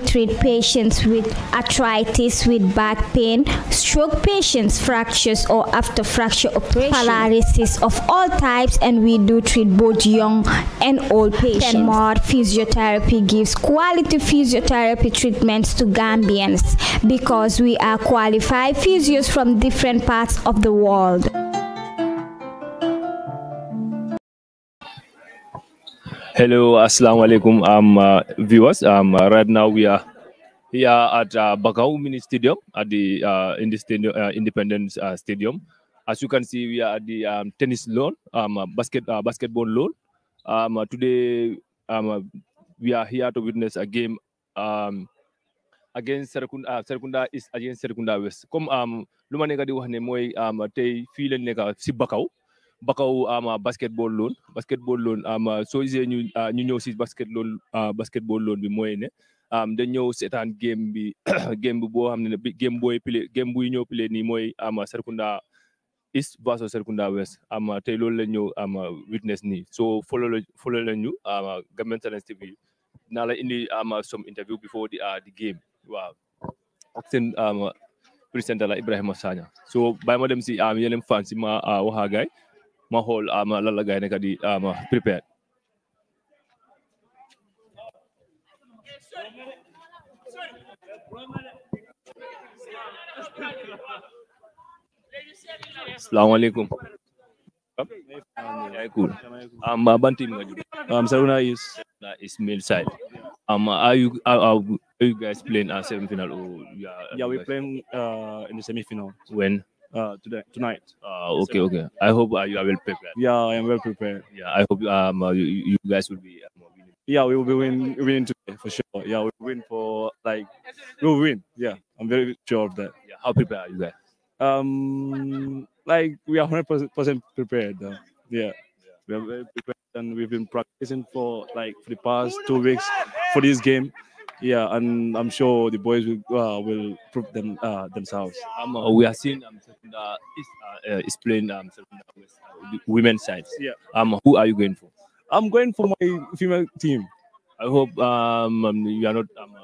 treat patients with arthritis, with back pain, stroke patients, fractures or after fracture operation, paralysis of all types, and we do treat both young and old patients. More Physiotherapy gives quality physiotherapy treatments to Gambians because we are qualified physios from different parts of the world. Hello, assalamu alaikum, um, uh, viewers. Um, uh, right now we are here at uh, Bakau Mini Stadium at the uh, in the stadium, uh, Independence uh, Stadium. As you can see, we are at the um, tennis lawn, um, uh, basket basketball lawn. Um, today, um, we are here to witness a game um, against Serkunda, Serkunda is against Serkunda West. Come, um, luma di wahne um, te feeling neka si bakaw am um, uh, basketball loan basketball loan am um, uh, soo gisee ñu uh, ñu ñëw si basketball basketball loan bi mooy ne am um, dañ ñëw seetaan game bi game bi boo xam ne game booy play game buy ñëw play nii mooy am Serrekunda East versus Serrekunda West am tey loolu la ñëw am witness ni soo follow la follow la ñu am Gambian la indi am some interview before the game waaw ak seen am président la Ibrahima Sagna so bàyyi ma dem si Ah, ah, ma xool ama lan la gaay nekk di ama prepare salaamaaleykum yaay cool um ah, ban team Saruna is that is male side um are you are, are, you guys playing a semi final or yeah, yeah we playing uh, in the semi final when uh, today tonight. Uh, okay, okay. I hope uh, you are well prepared. Yeah, I am well prepared. Yeah, I hope um uh, you, you guys will be. Um, yeah, we will be win win today for sure. Yeah, we win for like we will win. Yeah, I'm very sure of that. Yeah, how prepared are you guys? Um, like we are hundred percent prepared. Yeah. yeah, we are very prepared, and we've been practicing for like for the past two weeks for this game yeah, and I'm sure the boys will uh, will prove them uh, themselves. Um, uh, we are seeing um, Secunda uh, is, uh, uh, is playing um, women's sides. Yeah. Um, who are you going for? I'm going for my female team. I hope um, um you are not um,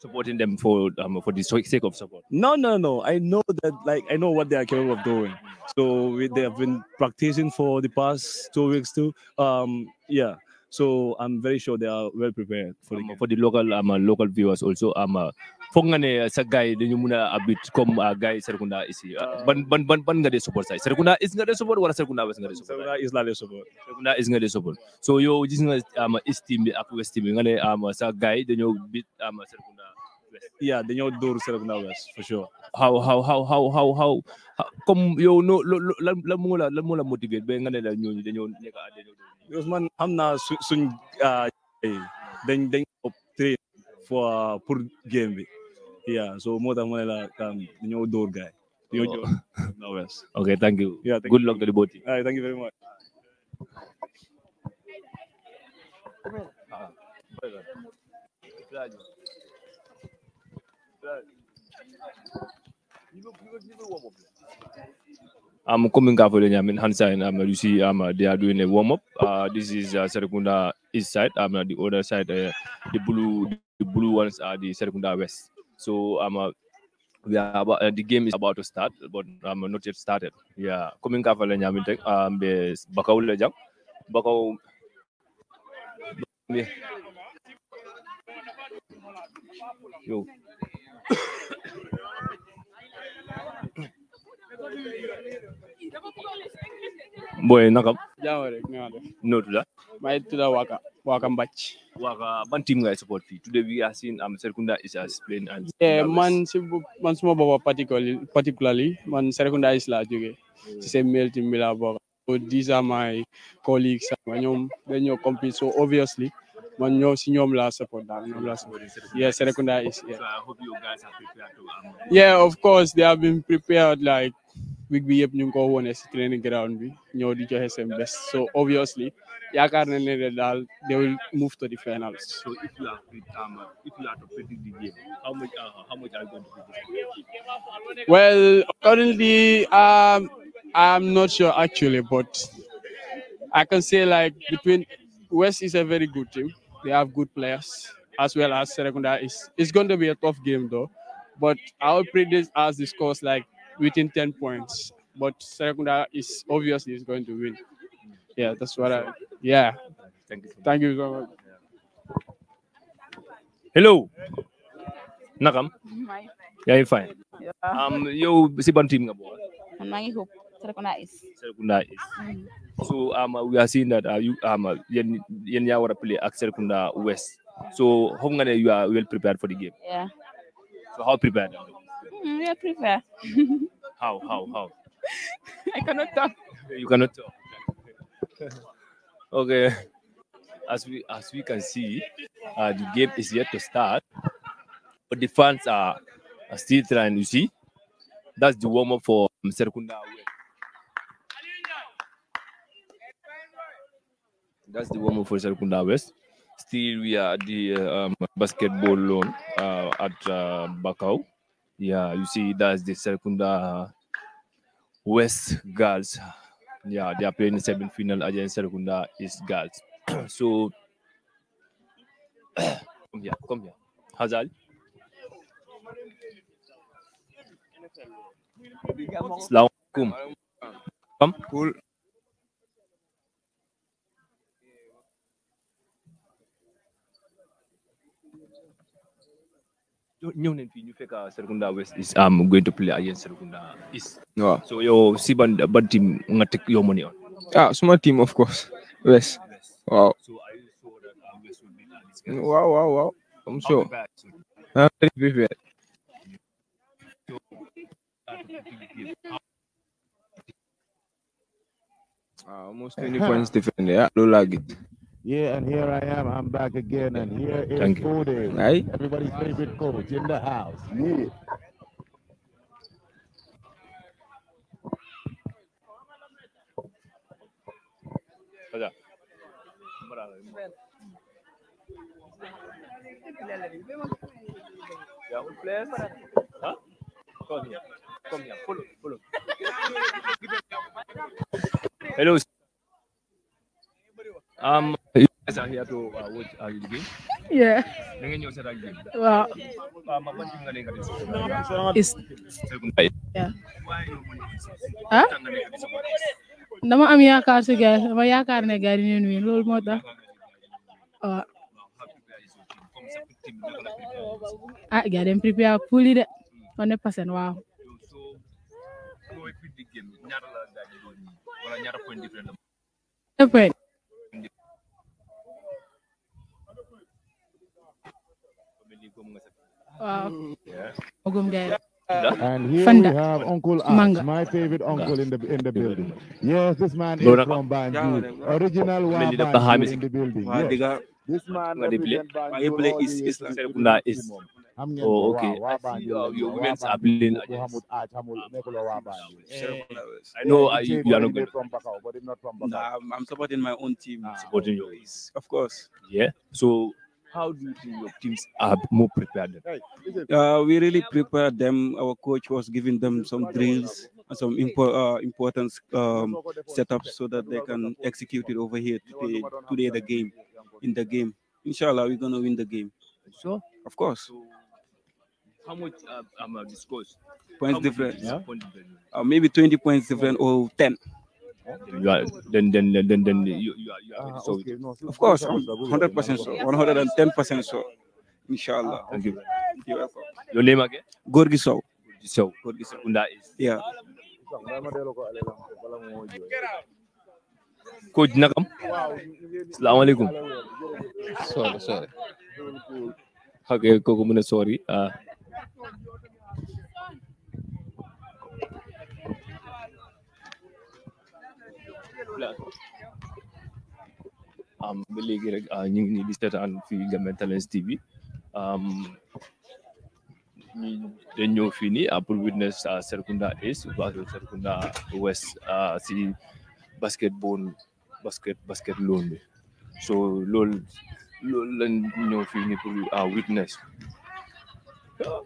supporting them for um, for the sake of support. No, no, no. I know that like I know what they are capable of doing. So we, they have been practicing for the past two weeks too. Um, yeah. So I'm very sure they are well prepared for the, um, for the local um, uh, local viewers also. Um, uh, foog nga ne uh, sa gaay dañu mën a abit comme gaay Serekunda ici ban ban ban ban nga support say Serekunda is nga dee support wala Serekunda west nga dee support Serekunda is laa dee support Serekunda is nga dee um, support so yow gis nga am um, east team bi ak west team bi nga ne bit am Serekunda yeah, dañoo dóor Serekunda West for sure how how how how how how comme yow no lan lan moo la lan moo la motivé ba nga ne la ñooñu dañoo nekk a dañoo dóor man xam naa su suñ dañ dañ op train for uh, pour game bi yeah so moo tax ma ne la dañoo dóor gaay dañoo dóor Serekunda West okay thank you yeah thank good luck to the both team thank you very much ah, Thank you. I'm coming up with I'm in Hansa um, you see, um, they are doing a warm up. Uh, ah, this is uh, ah, Serikunda East side, um, the other side, uh, the blue, the blue ones are the Serikunda West. So, um, uh, we are about, uh, the game is about to start, but I'm um, not yet started. Yeah, coming up, I'm um, the Bakau Lejang, Bakau. Yo. booy naka. jaaw rek ñu naan def. noo tudd. maa ngi tudd Waka ngay support fii today we are seeing am um, Serekunda is as playing and. Eh, man si man suma particularly man Serekunda is laa jógee si seen male team bi laa bokk. so these are so obviously. man ñoo si ñoom laa support daal ñoom laa support yeah Serekunda is yeah. So I hope you guys are prepared to um, yeah of course they have been prepared like week bi yëpp ñu ngi ko wone si training ground bi ñoo di joxe seen best so obviously yaakaar nañ daal they will move to the final, so if you are um, if you are to predict the game how much uh, how much are you going to well currently um, I'm not sure actually but I can say like between West is a very good team. They have good players as well as Serekunda. It's, it's going to be a tough game though, but I will predict as this scores like within 10 points. But Serekunda is obviously is going to win. Yeah, that's what I. Yeah. Thank you. Thank you so much. Hello. Nakam. you're fine. am um, you, si ban team nga bokk. hope is. Mm. So um, we are seeing that uh, you um, Yen Yen Yawara play at Serkunda West. So how many you are well prepared for the game? Yeah. So how prepared? Mm, we are prepared. how how how? I cannot talk. You cannot talk. okay. As we as we can see, uh, the game is yet to start, but the fans are, are still trying. You see, that's the warm up for um, Serkunda West. That's the one for Serkunda West. Still, we are at the uh, um, basketball loan uh, at uh, Bakau. Yeah, you see, that's the Serkunda West girls. Yeah, they are playing the seven final against Serkunda East girls. so, come here, come here. Hazal. slow, Come. Cool. ñëw nañ fii ñu fekk Serekunda West is um, going to play against Serekunda East. waaw so yow si ban ban team nga teg yow money on. ah suma team of course West waaw. waaw waaw waaw. I'm sure. I'm very prepared. Uh, ah, almost 20 points different. Yeah, low lag it. Yeah, and here I am. I'm back again, and here is Thank Cody, right? everybody's favorite coach in the house. Yeah. Yeah, we play. Huh? Come here. Come here. Follow. Follow. Hello. Um, you guys are here to uh, iya. watch uh, ya. ah. oh. a ah, game. Yeah. Nangin yung sa game. Wow. Um, what yung Is. Yeah. Huh? Nama am yaakaar si gars dama yaakaar na gars yi ñu Lul mo ta. ah gars prepare pouli de on pasen wow. point Uh, yeah. And here Fanda. we have Uncle Ash, my favorite uncle in the in the building. Yes, this man is from Banjul, original one Banjul in the building. Yes. This man represents Banjul is is is. Oh, okay. I see uh, your women's are playing. Ah, eh, I know uh, you, are not good. From Bacau, but not from Nah, I'm supporting my own team. Supporting yours. Of course. Yeah. So how do you think your teams are more prepared? Uh, we really prepared them. Our coach was giving them some drills and some impo- uh, important um, setups so that they can execute it over here today, today the game, in the game. Inshallah, we're going to win the game. So, Of course. How much uh, um, uh, Points different. Yeah? Uh, maybe 20 points different or 10. You are then then then then, then you, you are, you are ah, so of course, hundred percent so, one hundred and ten percent so, inshallah. Ah, thank you. You're welcome. Your name again? Gorgi Sow. Gorgi Gorgi Sow. Yeah. Coach Nakam. Assalamu alaikum. Sorry, sorry. Okay, Kokumuna, sorry. Uh, ba léegi rek ah, ñu ngi nii di seetaan fii Gambian Talents TV ñu dañ ñëw fii nii ah, pour witness ah, Serrekunda East Banjul Serrekunda West si basket basket loon bi so loolu loolu lañ ñëw fii nii pour witness Hello.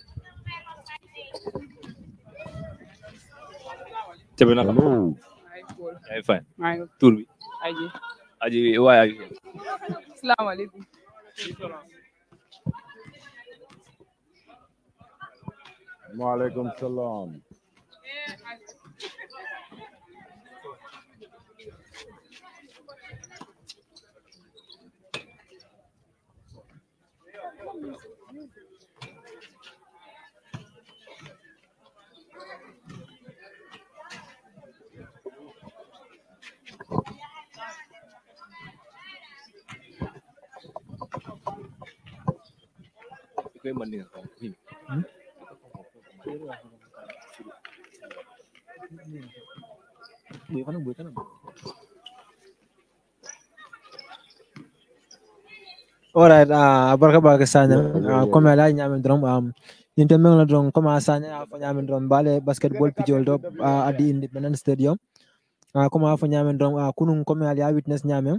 Cool. Yeah, fine. Mario. Turbi. Aji. Aji, why are you here? Assalamu alaikum. Wa alaikum salam. Hmm? Buat kan buat kan. Alright, ah, barka barka sanya. Comme là, il y a drum. Um, ñun tamit drum comme sanya apa ñamen drum balé basketball pijol do à ah, di independence stadium. Ah, comme fa ñamen drum ah kunun comme ya witness ñamen.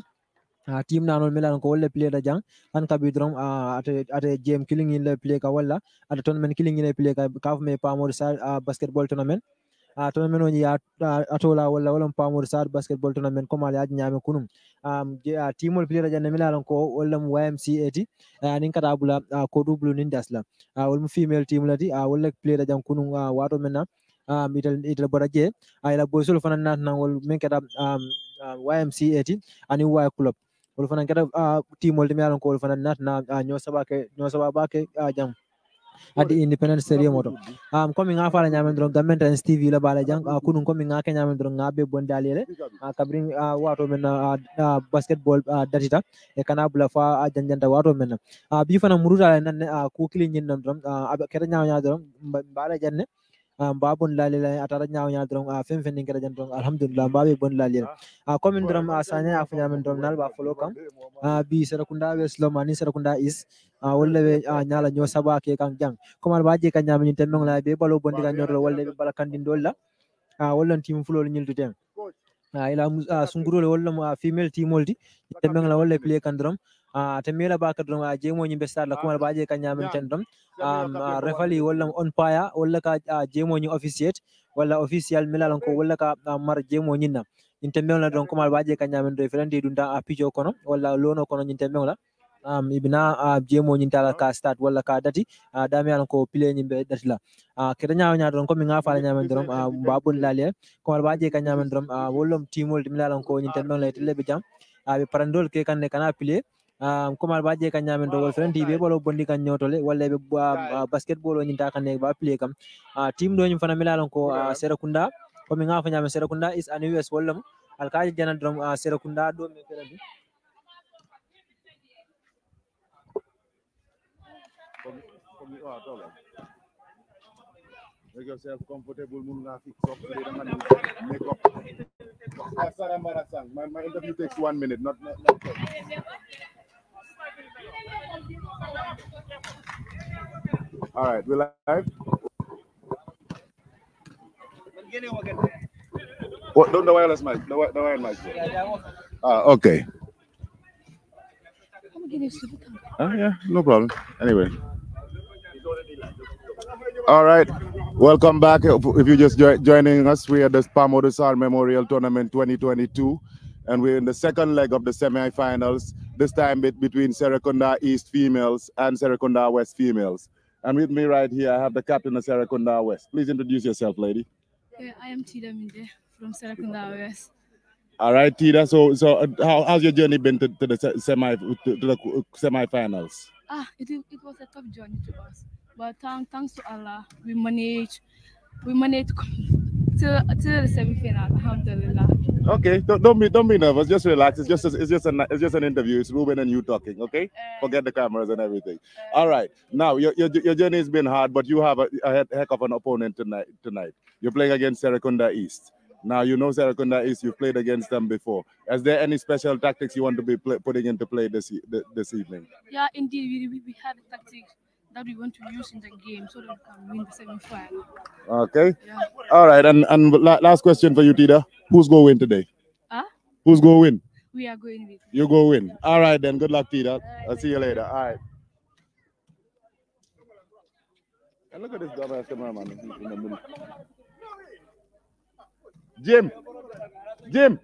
uh, team nanol milan ko wolle play da jang an kabi drum uh, ah, ate ate game le play ka walla ate tournament killing in le play ka ka me pamor sa ah, basketball tournament a ah, tournament o ya atola walla wala pamor sa basketball tournament ko mali nyame kunum um uh, teamol play da jang milan ko walla mu ymcat uh, nin kata bula ko dublu nin dasla uh, wal mu female team ladi uh, walla play da jang kunum wato menna um, ital ital boraje ay la bosol fanan nan wol men kata um, uh, ymcat ani y club wolu fana keta timol timi alon ko wolu fana natna ah, ñoo ah, saba ke ñoo saba ah, jam adi independent stadium oto um komi nga fala nyamen dron government and stv la bala jang kunun komi nga ke nyamen dron ngabe bon dalele kabrin wato men basketball datita e kana bula fa janjanta wato men bi fana muruta nan uh, kilin nyin nan dron uh, kera nyaanya dron bala janne Ah, mba bon lalila atara nyaaw nyaa dron a ah, fen fen ngara jan dron alhamdulillah mba be bon lalila a ah, komin dron a sanya a fanya min dron nal ba folo kam a bi sarakunda be sloma ni sarakunda is a walla be a nyaala nyo saba ke kan jang komal ba je kan nyaami ni temmong la be balo bondi ga nyorlo walla be bala kandin dolla a walla tim fulol nyildu den a ila sunguro le walla female team oldi mong la walla play kan dron uh, te mela ba kadron a jemo nyimbe sala la kuma ba je kanya men tendom um, refali wala on paya wala ka uh, jemo nyi officiate wala official mela lon ko wala ka uh, mar jemo nyinna nyinte mela don kuma ba je kanya men do felandi dunda a pijo kono wala lono kono nyinte mela um, ibina uh, jemo tala ka start wala ka dati uh, dami alan ko pile nyimbe dati la ke da kete nyaa don ko mi nga faala ñaamen dorom uh, ba bon laale ko wal baaje ka ñaamen dorom wolom timol dimla alan ko ñinte mel lay tele be jam abi uh, parandol ke kan ne kana pile um, kuma baje kan nyamen to golfen tibe bolo bondi kan nyotole walla be uh, basketball on ta kan ne ba play kam uh, team do nyum fana milalon ko uh, serakunda ko mi ngafa nyamen serakunda is an us wallam alkaji jana drum uh, serakunda do me kala bi Make yourself comfortable, Munga, fix All right, we live. What? No, no wireless mic. No, no wireless mic. Ah, okay. Oh yeah, no problem. Anyway. All right, welcome back. If you're just joining us, we are at the Spam Memorial Tournament 2022, and we're in the second leg of the semifinals this time between Serekunda East females and Serekunda West females. And with me right here, I have the captain of Serekunda West. Please introduce yourself, lady. Yeah, I am Tida Minde from Serekunda West. All right, Tida. So, so uh, how, how's your journey been to, to the semi to, to the semifinals? Ah, it, it was a tough journey to us, but um, thanks to Allah, we managed we managed to to the semi-final. Alhamdulillah. Okay, don't, don't be don't be nervous. Just relax. It's just a, it's just an it's just an interview. It's Ruben and you talking. Okay, uh, forget the cameras and everything. Uh, All right. Now your, your your journey's been hard, but you have a, a heck of an opponent tonight. Tonight you're playing against Serekunda East. Now you know Serekunda East. You've played against them before. Is there any special tactics you want to be putting into play this this evening? Yeah, indeed, we, we have a tactic that we want to use in the game so that we can win the semifinal. Okay. Yeah. All right. And and la last question for you, Tida. Who's going to win today? Huh? Who's going to win? We are going with. You go win. All right then. Good luck, Tida. Right, I'll see you later. You. All right. And look at this dumbass cameraman. Jim. Jim.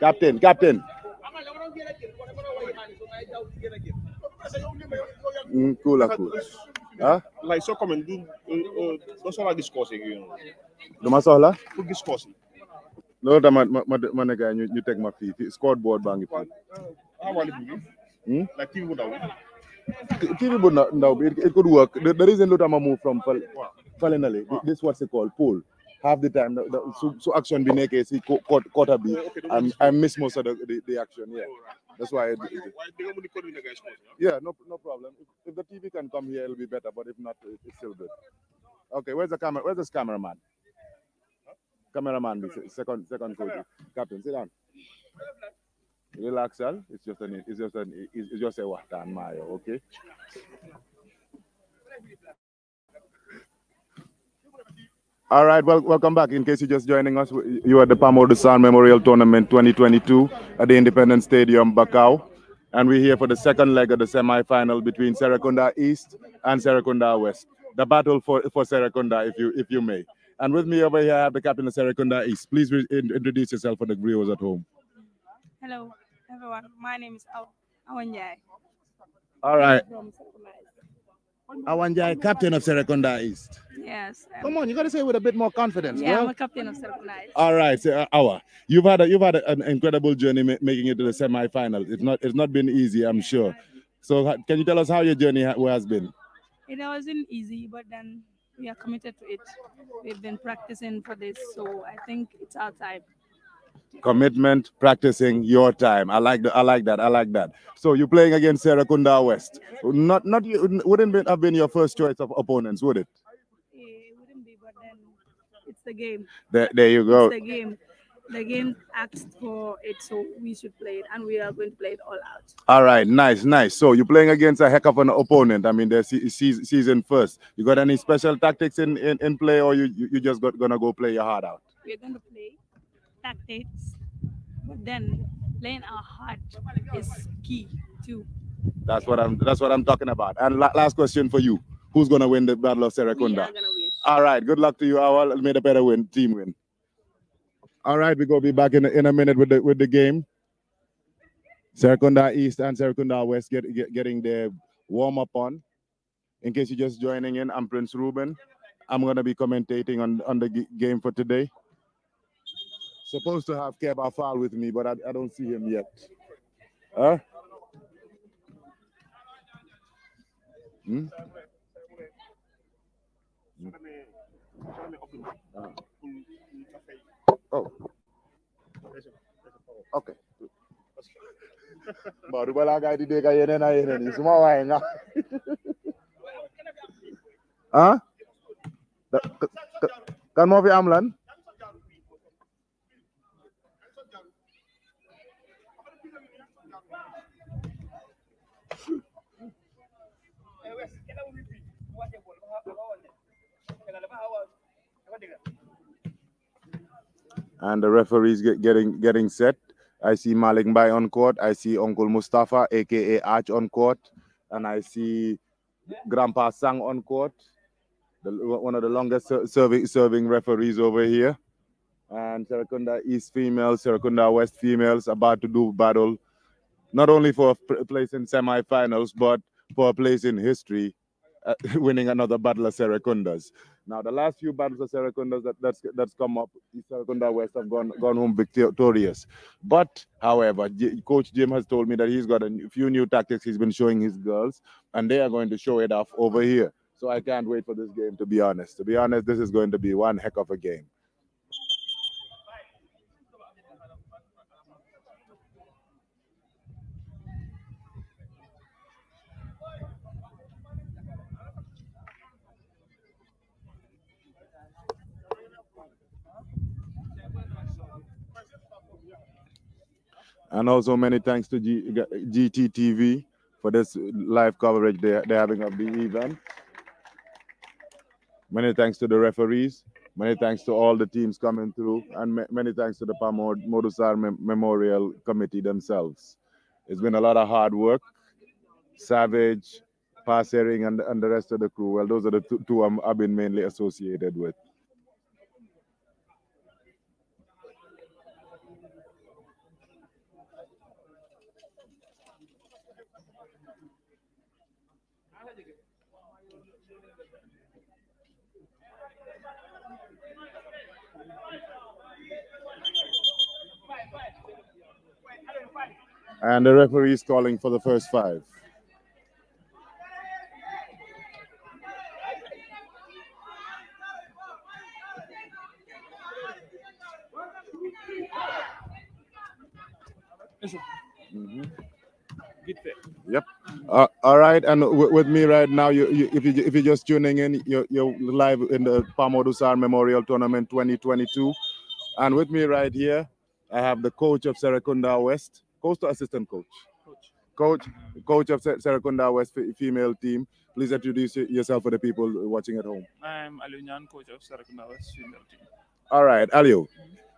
Captain. Captain. Captain. Nkula kus. Ha? Like so come and do uh, uh, do sola discourse you know. Duma sola? Ku discourse. Loolu dama ma ne gaay ñu teg ma fii fii scoreboard baa ngi fii. Ah wala bi. Hmm? Like TV bu ndaw. TV bu ndaw bi it could work. The, the reason lu dama move from Fal Falenale, wow. this what's it called, pool. half the time. The, the, so, so action be naked, see quarter, quarter B. Okay, I, I miss most of the, the, the action. Yeah. That's why. It, it, yeah, no, no problem. If, if, the TV can come here, it'll be better. But if not, it, it's still good. Okay, where's the camera? Where's this cameraman? Huh? Cameraman, cameraman. second, second coach, captain, sit down. Relax, Al. It's just an, it's just an, it's, just a watan mayo. Okay. All right, well, welcome back. In case you're just joining us, you are at the Pamo Dusan Memorial Tournament 2022 at the Independence Stadium, Bacau. And we're here for the second leg of the semi-final between Serekunda East and Serekunda West. The battle for, for Serekunda, if you if you may. And with me over here, I have the captain of Serekunda East. Please introduce yourself for the viewers at home. Hello, everyone. My name is Awanjai. All right. Awanjai, captain of Serekunda East. Yes. Um, Come on, you got to say with a bit more confidence. Yeah, girl. I'm a captain of Serekunda East. All right, so, uh, Awa, you've had a, you've had an incredible journey making it to the semi-final. It's not it's not been easy, I'm sure. So can you tell us how your journey ha has been? It wasn't easy, but then we are committed to it. We've been practicing for this, so I think it's our time commitment, practicing your time. I like the, I like that. I like that. So you're playing against Sarah Kunda West. Not not you wouldn't have been your first choice of opponents, would it? Yeah, it wouldn't be, but then it's the game. There, there you go. It's the game. The game asked for it, so we should play it, and we are going to play it all out. All right, nice, nice. So you're playing against a heck of an opponent. I mean, the season first. You got any special tactics in, in, in play, or you, you, you just got, gonna go play your heart out? We're gonna play tactics, but then playing our heart is key too. That's what I'm. That's what I'm talking about. And la last question for you: Who's gonna win the Battle of Serekunda? All right. Good luck to you. Our made a better win. Team win. All right. We're gonna be back in a, in a minute with the with the game. Serekunda East and Serekunda West get, get, getting their warm up on. In case you're just joining in, I'm Prince Ruben. I'm gonna be commentating on on the game for today. Supposed to have Keb Afal with me, but I, I don't see him yet. Huh? Hmm? Oh. Okay. Baru bala ga di deka I na yene ni semua wae nga. Ah? Kan mau fi amlan? And the referees get, getting getting set. I see Malik Mbai on court. I see Uncle Mustafa, aka Arch, on court, and I see Grandpa Sang on court. The, one of the longest serving serving referees over here. And Serakunda East females, Serakunda West females, about to do battle, not only for a place in semifinals, but for a place in history uh, winning another battle of Serekundas. Now, the last few battles of Serekundas that, that's that's come up, Serekunda West have gone gone home victorious. But, however, G Coach Jim has told me that he's got a few new tactics he's been showing his girls, and they are going to show it off over here. So I can't wait for this game, to be honest. To be honest, this is going to be one heck of a game. And also many thanks to G- GTTV for this live coverage they, they're having of the event. Many thanks to the referees. Many thanks to all the teams coming through. And ma many thanks to the Pamod Modusar Mem Memorial Committee themselves. It's been a lot of hard work. Savage, Passering, and, and the rest of the crew. Well, those are the two, two I'm, I've been mainly associated with. And the referee is calling for the first five. Mm -hmm. Yep. Uh, all right, and with me right now, you, you, if, you, if you're just tuning in, you're, you're live in the Pamodusar Memorial Tournament 2022. And with me right here, I have the coach of Serakunda West, Coach to assistant coach? Coach. Coach, coach of Serakunda West female team. Please introduce yourself for the people watching at home. I'm Alunyan, coach of Serakunda West female team. All right, Alio.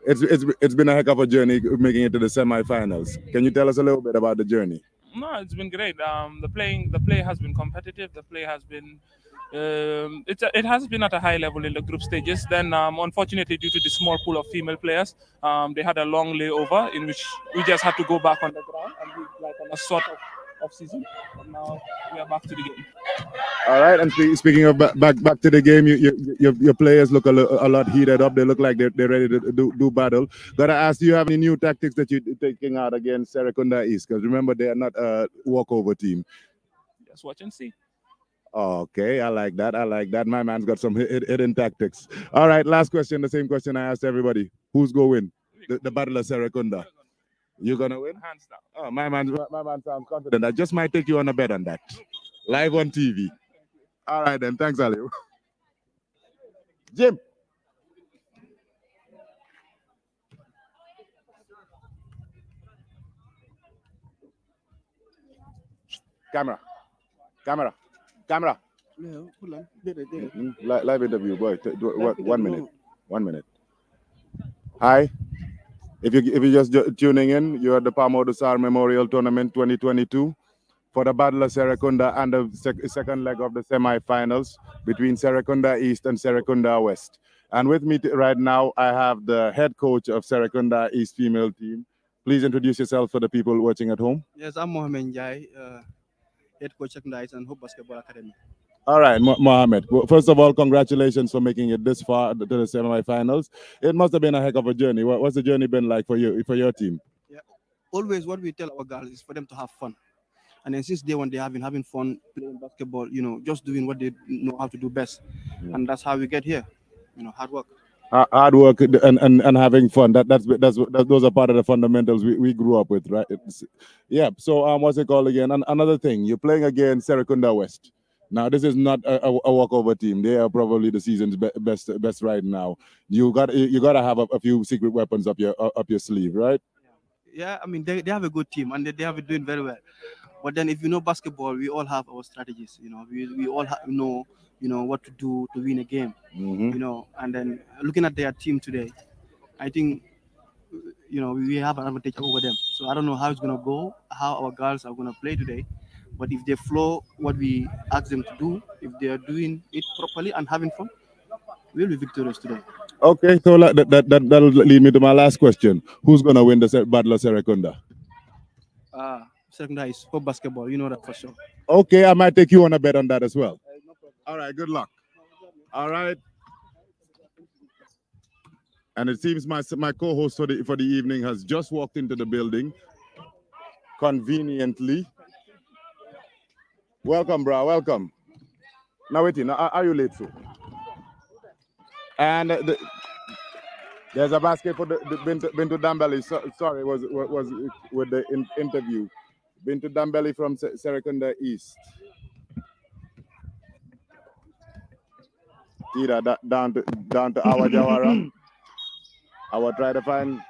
It's, it's, it's been a heck of a journey making it to the semifinals. Can you tell us a little bit about the journey? No, it's been great. Um, the playing the play has been competitive. The play has been um, it, it has been at a high level in the group stages. Then, um, unfortunately, due to the small pool of female players, um, they had a long layover in which we just had to go back on the ground and we like on a sort of off season. And now we are back to the game. All right. And speaking of back back, back to the game, you, you, your, your players look a, a, lot heated up. They look like they're, they're ready to do, do battle. Gotta ask, do you have any new tactics that you're taking out against Serekunda East? Because remember, they are not a walkover team. Just watch and see. Okay, I like that. I like that. My man's got some hidden tactics. All right, last question. The same question I asked everybody. Who's going win? The, the Battle of Serekunda. You're going to win? Hands down. Oh, my man, my man sounds confident. I just might take you on a bet on that. Live on TV. All right, then. Thanks, Ali. Jim. Camera. Camera. Camera. Mm-hmm. Live interview, boy. One minute. One minute. Hi. If you if you're just tuning in, you're at the Palmo Sar Memorial Tournament 2022 for the battle of Serekunda and the sec second leg of the semi-finals between Serekunda East and Serekunda West. And with me right now, I have the head coach of Serekunda East female team. Please introduce yourself for the people watching at home. Yes, I'm Mohamed Jai, uh, head coach Secondary and Hope Basketball Academy. All right, Mohamed. First of all, congratulations for making it this far to the semifinals. It must have been a heck of a journey. What's the journey been like for you, for your team? Yeah, always what we tell our girls is for them to have fun. And then since day one, they have been having fun playing basketball. You know, just doing what they know how to do best, yeah. and that's how we get here. You know, hard work. Uh, hard work and, and and having fun that that's that's that, those are part of the fundamentals we, we grew up with right it's, yeah so um what's it called again and another thing you're playing against Serekunda West now this is not a, a, walkover team they are probably the season's be best best right now you got you got to have a, a, few secret weapons up your up your sleeve right yeah i mean they, they have a good team and they, they have doing very well but then if you know basketball we all have our strategies you know we, we all have, you know you know what to do to win a game. Mm-hmm. You know, and then looking at their team today, I think you know we have an advantage over them. So I don't know how it's gonna go, how our girls are gonna play today. But if they flow what we ask them to do, if they are doing it properly and having fun, we'll be victorious today. Okay, so that that that that'll lead me to my last question: Who's gonna win the battle of Serekunda? Ah, uh, second is for basketball. You know that for sure. Okay, I might take you on a bet on that as well. All right, good luck. All right. And it seems my my co-host for the for the evening has just walked into the building conveniently. Welcome, bro. Welcome. Now wait, now are you late too? And the, there's a basket for the, the Bintu, Bintu So, sorry, was was with the in, interview. Bintu Dambelli from Serekunda East. you know, down to down to our Jawara. I will try to find.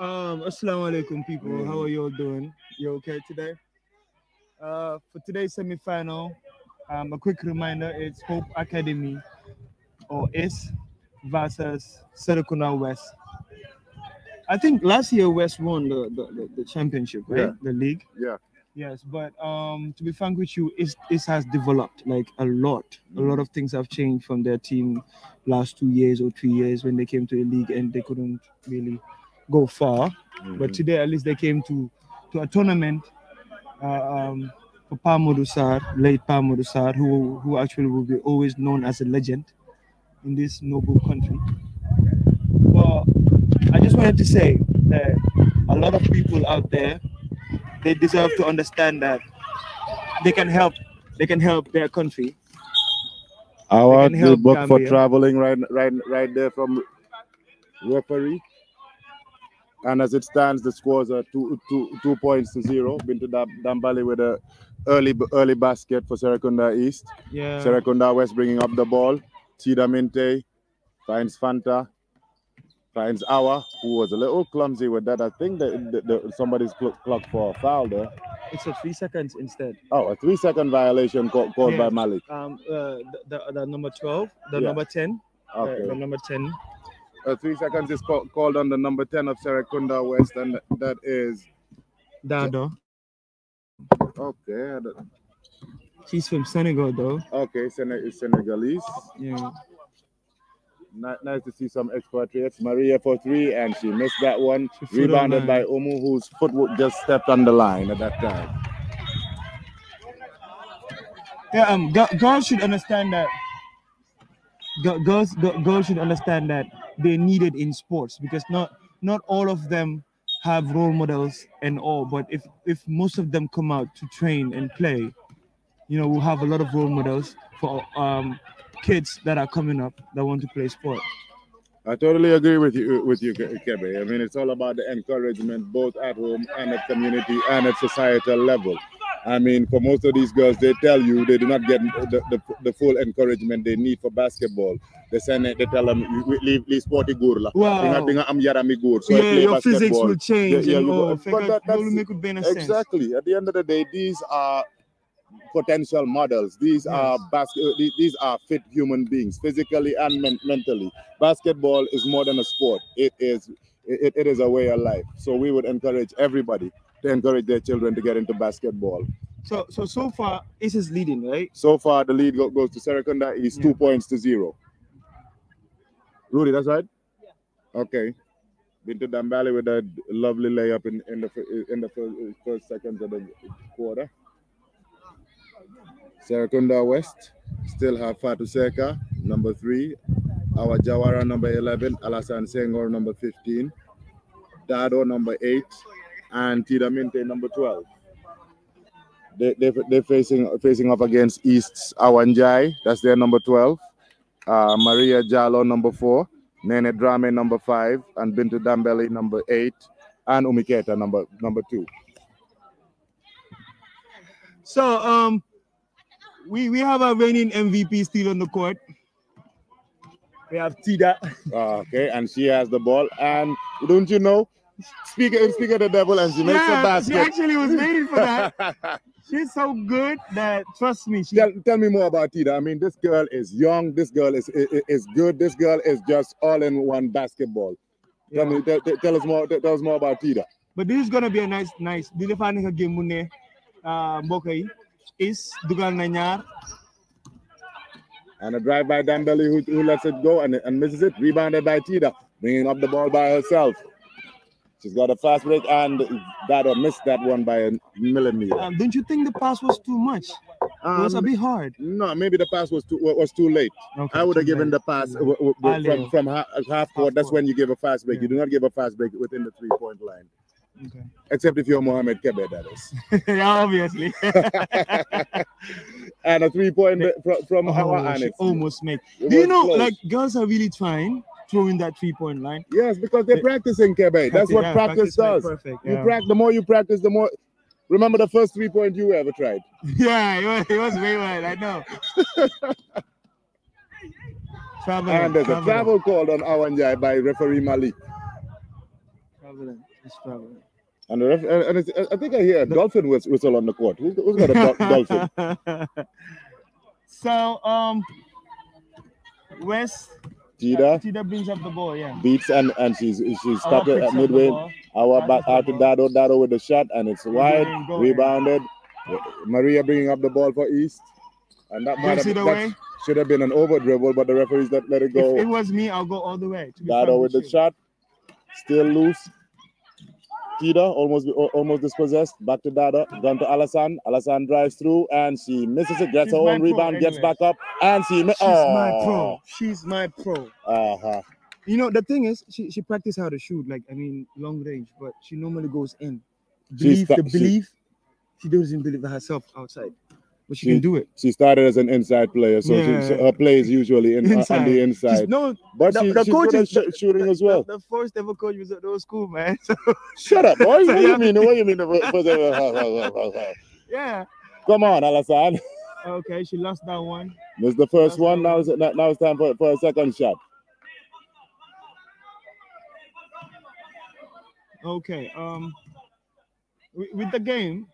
Um, assalamu alaikum, people. Mm. How are y'all doing? You okay today? Uh, for today's semi-final, um, a quick reminder: it's Hope Academy, or S, versus Serikuna West. I think last year West won the the, the, the championship, right? Yeah. The league. Yeah. Yes, but um, to be frank with you, it has developed like a lot. A lot of things have changed from their team last two years or three years when they came to the league and they couldn't really go far. Mm-hmm. But today, at least they came to to a tournament. Uh, um, for Parmodusar, late Parmodusar, who who actually will be always known as a legend in this noble country. But I just wanted to say that a lot of people out there they deserve to understand that they can help they can help their country. Our book for traveling right right right there from referee. And as it stands, the scores are two, two, two points to zero. Bintu Dambali with a early early basket for Serekunda East. Yeah. Serekunda West bringing up the ball. Tida Minte finds Fanta finds Awa, who was a little clumsy with that. I think that, somebody's cl- clocked for a foul there. It's a three seconds instead. Oh, a three second violation called, called by Malik. Um, uh, the, the, the number 12, the yeah. number 10. Uh, okay. Uh, the number 10. Uh, three seconds is call, called on the number 10 of Serekunda West, and that is Dado. Okay. Uh, She's from Senegal, though. Okay, Sen- Senegalese. Yeah nice to see some expatriates. Maria for three, and she missed that one. Rebounded by Omu, whose foot just stepped on the line at that time. Yeah, um, girls should understand that. Girls, girls should understand that they're needed in sports because not not all of them have role models and all. But if if most of them come out to train and play, you know, we'll have a lot of role models for um kids that are coming up that want to play sport. I totally agree with you, with you, Kebe. I mean, it's all about the encouragement, both at home and at community and at societal level. I mean, for most of these girls, they tell you they do not get the, the, the full encouragement they need for basketball. They send it, they tell them, leave, leave sporty gurla. Wow. Tinga, tinga, am yarami gur. So yeah, your basketball. physics will change. Yeah, yeah, you know, but that, that's, exactly. At the end of the day, these are potential models. These yes. are basket. Uh, these are fit human beings, physically and men mentally. Basketball is more than a sport. It is it, it is a way of life. So we would encourage everybody to encourage their children to get into basketball. So so so far, this is leading, right? So far, the lead goes to Serekunda. Is yeah. two points to zero. Rudy, that's right. Yeah. Okay. Bintu Dambali with a lovely layup in, in the in the first, first seconds of the quarter. Serakunda West still have Fatu Seka, number three. Our Jawara, number 11. Alasan Sengor number 15. Dado, number eight. And Tidaminte, number 12. They, they, they're facing facing up against East Awanjai, that's their number 12. Uh, Maria Jalo, number four. Nene Drame, number five. And Bintu Dambeli number eight. And Umiketa, number number two. So, um, we we have a reigning MVP still on the court. We have Tida. Ah, okay, and she has the ball. And don't you know, speak speak of the devil, and she yeah, makes a basket. She actually was waiting for that. She's so good that trust me. She... Tell, tell me more about Tida. I mean, this girl is young. This girl is is, is good. This girl is just all in one basketball. Yeah. Tell me, tell, tell us more. Tell us more about Tida. But this is gonna be a nice, nice. Did you find her game, Mune? Uh, Bokai is dugal na And a drive by Dambelli who, who lets it go and, and misses it. Rebounded by Tida, bringing up the ball by herself. She's got a fast break and that or uh, missed that one by a millimeter. Um, don't you think the pass was too much? Um, it was a um, bit hard. No, maybe the pass was too was too late. Okay, I would have given late. the pass uh, from, from half, half court. That's when you give a fast break. Yeah. You do not give a fast break within the three point line. Okay. Except if you're Mohamed Kebe, that is. yeah, obviously. and a three point from, from oh, Almost make. Do you know, close. like, girls are really trying throwing that three point line. Yes, because they're practicing Quebec. That's what yeah, practice, practice, does. Perfect, yeah. the more you practice, the more. Remember the first three point you ever tried? Yeah, it was, it was way wild. I know. traveling, and there's traveling. a travel called on Awanjai by referee Malik. Traveling struggling. And, ref, and, and I think I hear a dolphin whistle on the court. Who's, who's got a dolphin? so, um, West. Tida. Uh, Tida brings up the ball, yeah. Beats and and she's she's oh, stopped it at midway. Our back out to Dado. Dado with the shot and it's wide. rebounded. Maria bringing up the ball for East. And that might have, that should have been an over dribble, but the referees that let it go. If it was me, I'll go all the way. Dado with the shot. Still loose almost almost dispossessed. Back to Dada. Gone to Alassane. Alassane drives through and she misses it. Gets She's her own rebound. Anyway. Gets back up and she. She's oh. my pro. She's my pro. Oh. Uh huh. You know the thing is, she she practiced how to shoot. Like I mean, long range, but she normally goes in. Believe the belief. She, she doesn't believe herself outside but she, she, can do it. She started as an inside player, so, yeah. she, so her play is usually in, inside. Uh, on the inside. She's, no, but the, she, the coach is sh- shooting the, as well. The, the, first ever coach was at those school, man. So. Shut up, boy. so, what do you mean? What do you mean? The first ever? yeah. Come on, Alassane. Okay, she lost that one. This the first one. Now it's now it's time for, for a second shot. Okay. Um, with the game,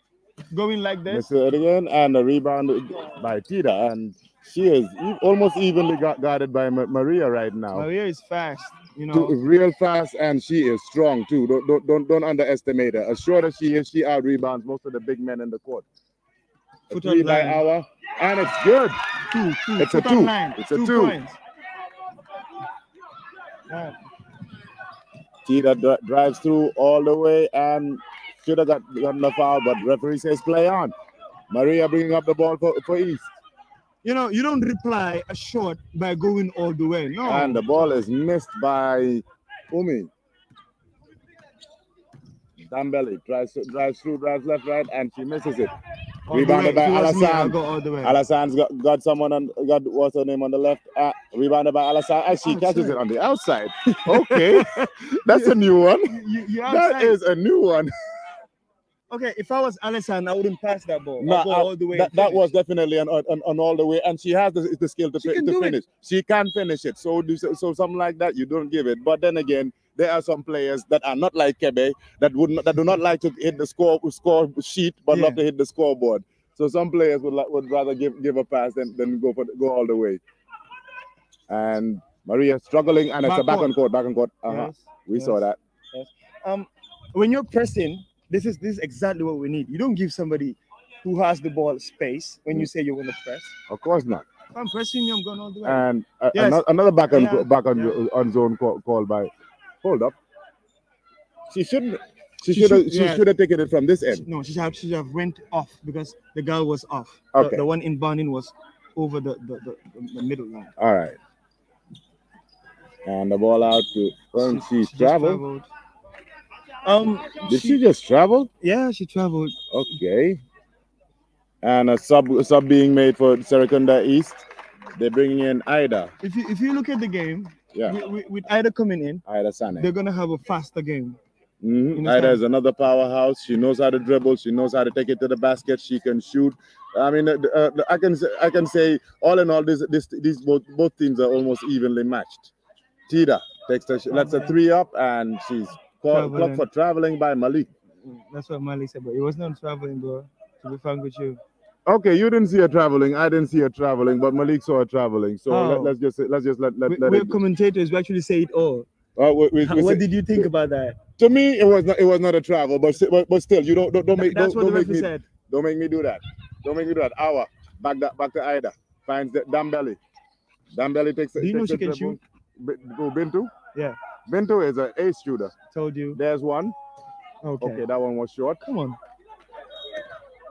going like this. and a rebound by Tita. And she is almost evenly guarded by Maria right now. Maria is fast. You know. real fast, and she is strong too. Don't, don't don't don't underestimate her. As short as she is, she out rebounds most of the big men in the court. Foot three by hour, and it's good. Two, two. It's a two. It's two a two. Points. Tita drives through all the way and should have got gotten the foul, but referee says play on. Maria bringing up the ball for, for East. You know, you don't reply a shot by going all the way. No. And the ball is missed by Umi. Dambelli drives, drives through, drives left, right, and she misses it. All rebounded by Alassane. Alassane's got, got someone on, got what's her name on the left. Uh, rebounded by Alassane. as she outside. catches it on the outside. Okay. That's a new one. You, a new one. Okay, if I was Alison, I wouldn't pass that ball. No, I, all the way. That, that was definitely an, an, an, all the way, and she has the, the skill to, she to finish. It. She can finish it. So so something like that. You don't give it. But then again, there are some players that are not like Kebe that would not, that do not like to hit the score score sheet, but yeah. love to hit the scoreboard. So some players would like, would rather give give a pass than, than go for go all the way. And Maria struggling, and back it's a back court. and court, back and court. Uh -huh. yes, we yes, saw that. Yes. Um, when you're pressing, this is this is exactly what we need. You don't give somebody who has the ball space when you say you're going to press. Of course not. If I'm pressing you, I'm going all the way. And uh, yes. another, back on yeah. back on yeah. on zone call, call, by. Hold up. She shouldn't. She, she should have. She yeah. should have taken it from this end. no, she should have. She should have went off because the girl was off. Okay. The, the one inbounding was over the the, the, the middle line. All right. And the ball out to when she, she traveled. traveled. Um, did she, she just travel? Yeah, she traveled. Okay. And a sub sub being made for Serikonda East. They're bringing in Ida. If you if you look at the game, yeah, with Ida coming in, Ida Sane, they're gonna have a faster game. Mm-hmm. Ida is another powerhouse. She knows how to dribble. She knows how to take it to the basket. She can shoot. I mean, uh, uh I can I can say all in all, this this these both both teams are almost evenly matched. Tida takes that's a three up, and she's called for Traveling by Malik. That's what Malik said, but it was not traveling, bro. To be frank with you. Okay, you didn't see her traveling. I didn't see her traveling, but Malik saw her traveling. So oh. let, us just let's just let let. We, let we're it commentators. We actually say it all. Uh, we, we, we what say, did you think about that? To me, it was not it was not a travel, but but, but still, you don't don't, don't make That's don't, what don't the make me said. don't make me do that. Don't make me do that. Hour back that back to Ida finds the Dambelli. Dambelli takes. Do you know she can shoot? Go Bintu? Yeah. Bento is an ace shooter. Told you. There's one. Okay. Okay, that one was short. Come on.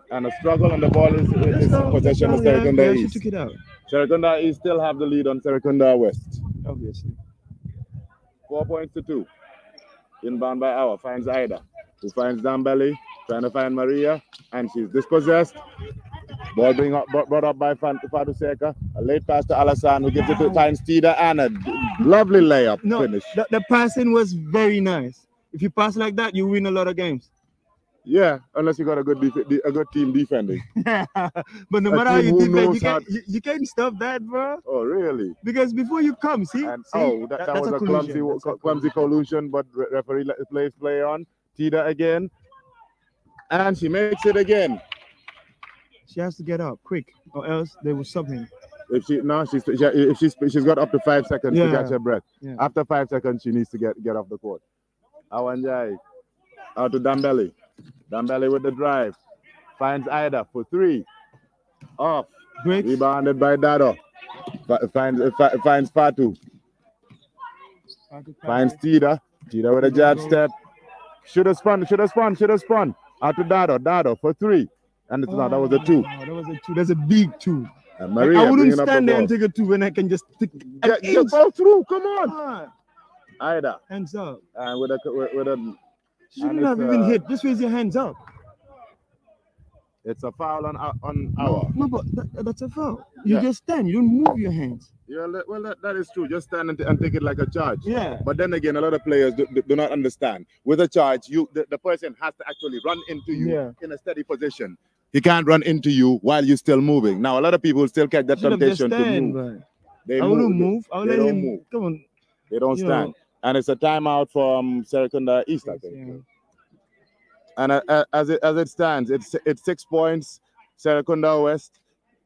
And a struggle on the ball is, is possession of Serekunda yeah, East. Took it out. Serekunda East still have the lead on Serekunda West. Obviously. Four points to two. Inbound by Hour finds Ida, who finds Dambelli, trying to find Maria, and she's dispossessed. Ball being up, brought up by Fadu Seka. A late pass to Alassane who gives wow. it to Tyne Steeder and a lovely layup no, finish. The, the passing was very nice. If you pass like that, you win a lot of games. Yeah, unless you got a good a good team defending. but no matter how you defend, you can't, you, you, can't stop that, bro. Oh, really? Because before you come, see? And, see oh, that, that, that was a, a clumsy, clumsy collusion, but referee plays play on. Tida again. And she makes it again. She has to get up quick, or else they will stop him. If she no, she's she, if she's she's got up to five seconds yeah. to catch her breath. Yeah. After five seconds, she needs to get get off the court. Awanjai out to Dambelli. Dambelli with the drive finds Ida for three. Off. Great. Rebounded by Dado. finds uh, finds Fatu. Finds Tida. Tida with a jab step. Should have spun. Should have spun. Should have spun. Out to Dado. Dado for three. And oh, that was a two. that was a two. That's a big two. And Maria, I wouldn't stand there and take a two when I can just stick. get, get ball through. Come on. Ah. Either. Hands up. And with a with, with a. She shouldn't have even uh, hit. Just raise your hands up. It's a foul on on our. No, but that, that's a foul. You yeah. just stand. You don't move your hands. Yeah, well, that, that is true. Just stand and, and, take it like a charge. Yeah. But then again, a lot of players do, do not understand. With a charge, you the, the person has to actually run into you yeah. in a steady position. He can't run into you while you're still moving. Now, a lot of people still catch that temptation to move. They I wouldn't move. I they don't him, move. Come on. They don't you stand. Know. And it's a timeout from Serikunda East, I think. Yeah. And uh, uh, as it as it stands, it's it's six points. Serikunda West,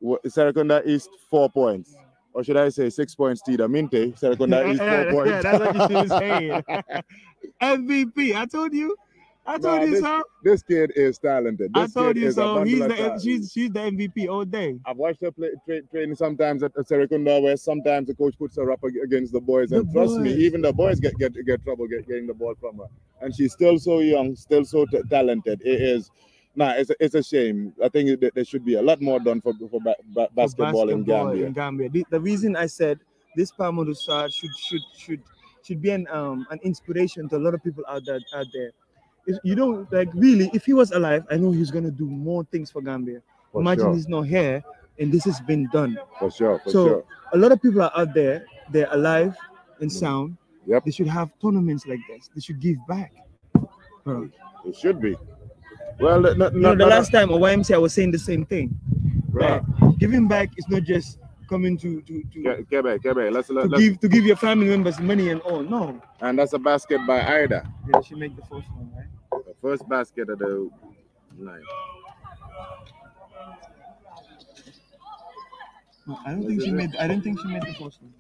Serikunda East, four points. Or should I say six points Tida Minte, Serikunda East, four points. Yeah, that's what you should say. MVP, I told you. I told nah, you this, so. This kid is talented. This I told you so. He's the, she's, she's the MVP all day. I've watched her play, tra- training sometimes at Serikunda. where sometimes the coach puts her up against the boys, and the trust boys. me, even the boys get get get trouble get, getting the ball from her. And she's still so young, still so t- talented. It is. Nah, it's a, it's a shame. I think it, there should be a lot more done for, for, ba- ba- basketball, for basketball, in Gambia. In Gambia. The, the reason I said this Palma should should should should be an um an inspiration to a lot of people out there out there you know, like really. If he was alive, I know he's gonna do more things for Gambia. For Imagine sure. he's not here, and this has been done. For sure. For so sure. a lot of people are out there. They're alive and mm. sound. Yep. They should have tournaments like this. They should give back. It should be. Well, not, not, you know, the not, last time at YMCA, I was saying the same thing. Right. giving back is not just Come in to to, to Ke Quebec, Quebec. Let's, let, us to let's, give to give your family members money and all. No. And that's a basket by Ida. Yeah, she made the first one, right? The first basket of the night. No, I don't think she made. I don't think she made the first one.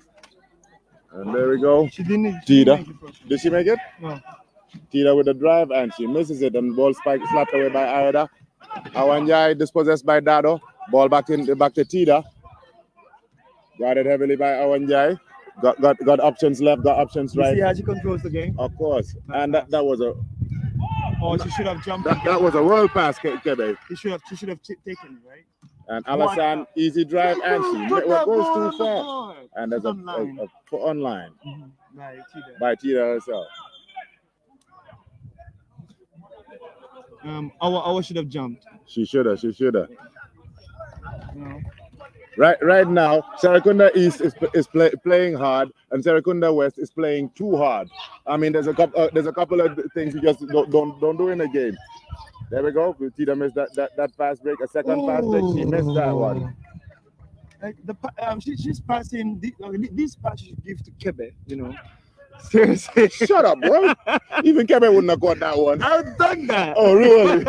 And there we go. She didn't. She Tida. Didn't Did she make it? No. Tida with the drive and she misses it and ball spike slapped away by Ida. Awanjai dispossessed by Dado. Ball back in back to Tida guarded heavily by Owen Jai. Got, got got options left, got options right. You see how she controls the game. Of course, and that, that was a. Oh, she should have jumped. That, that was a world pass, Kebe. She should have she should have taken it, right? And Alassane, easy drive, and she network goes too far. And there's a, online. a, a online mm-hmm. by, Tida. herself. Um, our, our should have jumped. She should have. She should have. No. Right, right now, Serakunda East is, is play, playing hard, and Serakunda West is playing too hard. I mean, there's a couple, uh, there's a couple of things you just don't don't, don't do in a game. There we go. Tita missed that, that that fast break, a second Ooh. fast break. She missed that one. Like the um, she, she's passing the, this pass she give to Kebe, you know. Seriously. Shut up, bro. Even Kevin wouldn't have got that one. I've done that. Oh, really?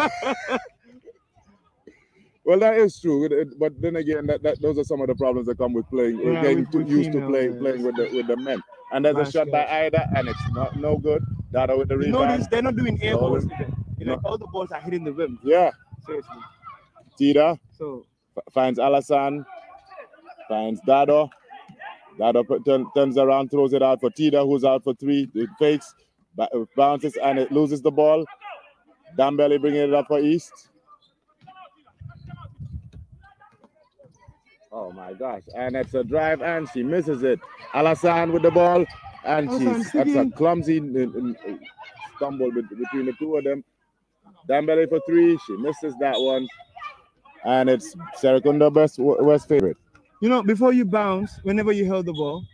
Well, that is true, but then again, that, that those are some of the problems that come with playing, yeah, getting with, with used to playing playing with the with the men. And there's Last a shot by Ida, and it's not no good. That with the rebound. Notice they're not doing air balls. all the balls are hitting the rim. Yeah, seriously. Tida so finds Alasan, finds Dado. Dado turns around, throws it out for Tida, who's out for three. It fakes, bounces, and it loses the ball. Dambelli bringing it up for East. Oh my gosh. And it's a drive and she misses it. Alassane with the ball. And she's that's a clumsy stumble between the two of them. Dambele for three. She misses that one. And it's Serakunda best West favorite. You know, before you bounce, whenever you held the ball,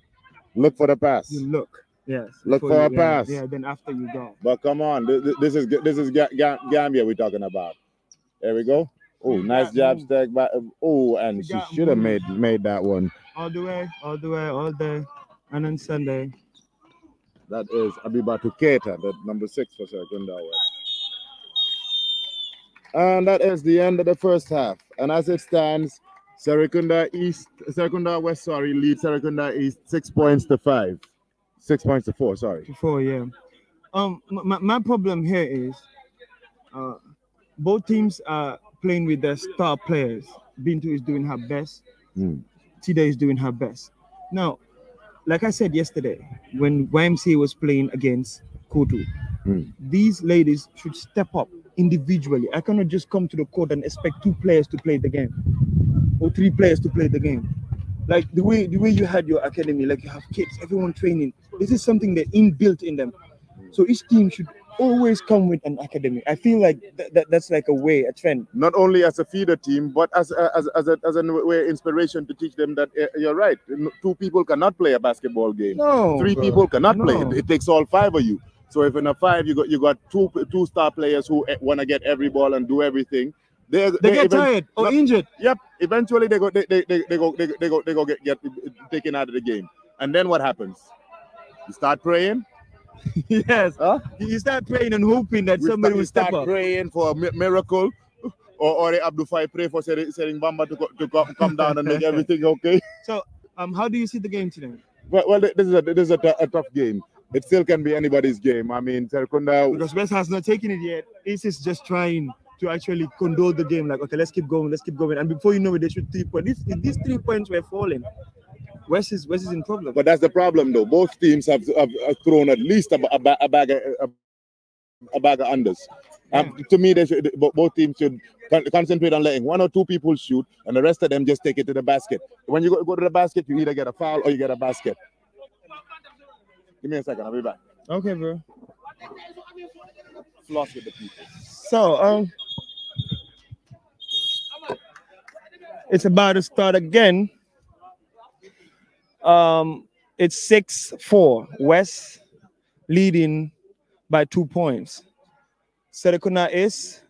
look for the pass. You look. Yes. Look for you, a yeah, pass. Yeah, then after you go. But come on, this, this is this is Gambia we're talking about. There we go. Oh, nice job, Stack. By oh, and she should have made made that one. All the way, all the way, all day, and then Sunday. That is Abibatu Keita, that number six for Serikunda. And that is the end of the first half. And as it stands, Serikunda East, Serikunda West, sorry, lead Serikunda East six points to five, six points to four, sorry. To four, yeah. Um, my, my problem here is, uh, both teams are playing with their star players. Bintu is doing her best. Mm. Tida is doing her best. Now, like I said yesterday, when YMCA was playing against Kotu, mm. these ladies should step up individually. I cannot just come to the court and expect two players to play the game or three players to play the game. Like the way the way you had your academy, like you have kids, everyone training. This is something that inbuilt in them. So each team should always come with an academy. I feel like th- th- that's like a way, a trend. Not only as a feeder team, but as a, uh, as as a, as a way inspiration to teach them that uh, you're right. Two people cannot play a basketball game. No, three bro. people cannot no. play. It, it, takes all five of you. So if in a five you got you got two two star players who eh, want to get every ball and do everything. They, they, they get even, tired or not, injured. Yep. Eventually they go they, they, they, they go they, they go they go get, get taken out of the game. And then what happens? You start praying yes. Huh? You start praying and hoping that we somebody start, will step up. praying for a miracle. Or, or Abdul pray for saying Bamba to, to come down and make everything okay. So, um, how do you see the game today? Well, well this is, a, this is a, tough game it still can be anybody's game. I mean, Terkunda. Because West has not taken it yet. East is just trying to actually condole the game. Like, okay, let's keep going, let's keep going. And before you know it, they should three points. If, if, these three points were falling, West is West is in problem. But that's the problem, though. Both teams have, have, thrown at least a, a, a bag of, a, a, bag of unders. Um, yeah. Um, to me, they should, both teams should concentrate on letting one or two people shoot, and the rest of them just take it to the basket. When you go, go to the basket, you either get a foul or you get a basket. Give me a second. I'll be back. Okay, bro. Floss with the people. So, um, it's about to start again. Um, it's 6 4. West leading by two points. Serikuna is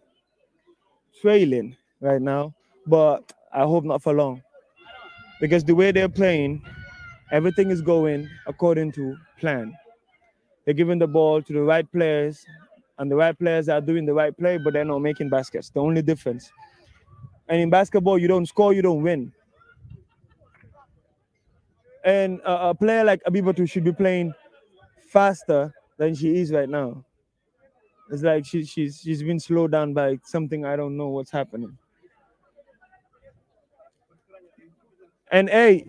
trailing right now, but I hope not for long. Because the way they're playing, everything is going according to plan. They're giving the ball to the right players, and the right players are doing the right play, but they're not making baskets. The only difference. And in basketball, you don't score, you don't win and a, a player like Abibatu should be playing faster than she is right now. It's like she, she's she's been slowed down by something I don't know what's happening. And hey,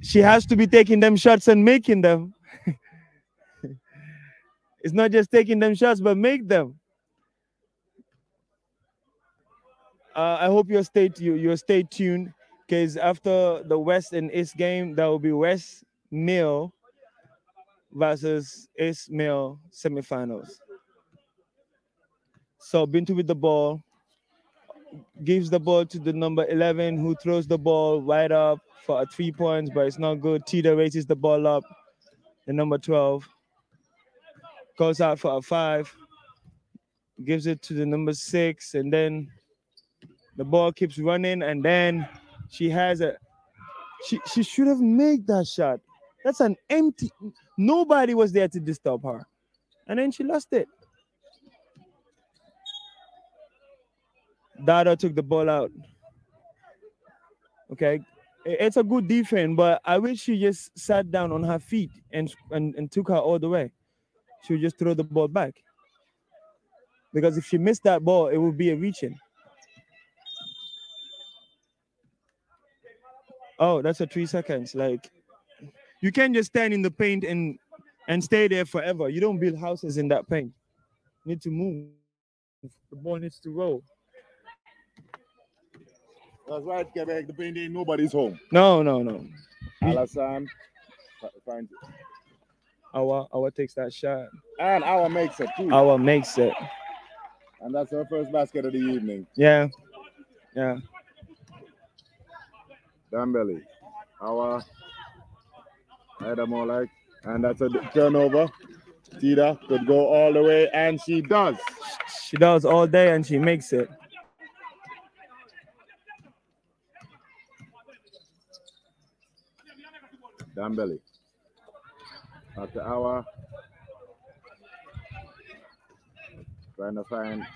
she has to be taking them shots and making them. it's not just taking them shots, but make them. Uh, I hope you stay you you stay tuned. Because after the West and East game, that will be West nil versus East nil semifinals. So Bintu with the ball, gives the ball to the number 11 who throws the ball right up for a three points, but it's not good. Tita raises the ball up. The number 12 goes out for a five, gives it to the number six, and then the ball keeps running, and then she has a she she should have made that shot. That's an empty nobody was there to disturb her. And then she lost it. Dada took the ball out. Okay. It's a good defense, but I wish she just sat down on her feet and and, and took her all the way. She would just throw the ball back. Because if she missed that ball, it would be a reaching. Oh, that's a three seconds. Like you can't just stand in the paint and and stay there forever. You don't build houses in that paint. You need to move. The ball needs to roll. That's right, Quebec. The paint ain't nobody's home. No, no, no. Alassane finds it. Our our takes that shot. And our makes it too. Our makes it. And that's our first basket of the evening. Yeah. Yeah. Dambele. Our like, And that's a turnover. Tita could go all the way, and she does. She does all day, and she makes it. Dambele. After hour. Trying to find.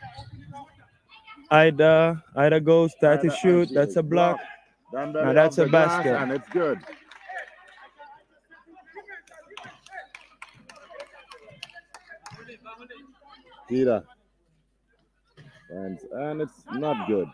Ida. Ida goes, try to shoot. That's a block. block now that's a basket, and it's good. Peter, and and it's not good.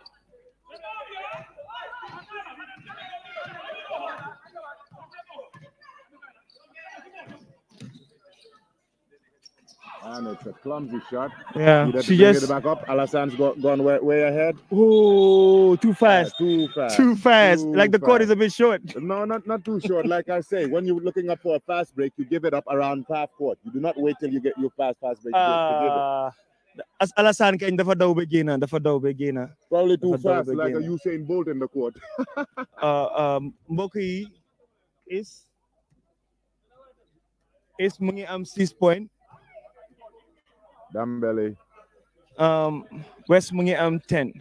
And it's a clumsy shot. Yeah. She just. It back up. Alassan's has gone way, way ahead. Oh, too fast. too fast. Too fast. Too like fast. the court is a bit short. No, not, not too short. like I say, when you're looking up for a fast break, you give it up around half court. You do not wait till you get your fast, fast break. Uh, as Alasan kain dafa daw begin na dafa daw begin probably too fast like a Usain Bolt in the court uh um Moki is is mu ngi am 6 point Dambele. Um, West mu ngi am 10.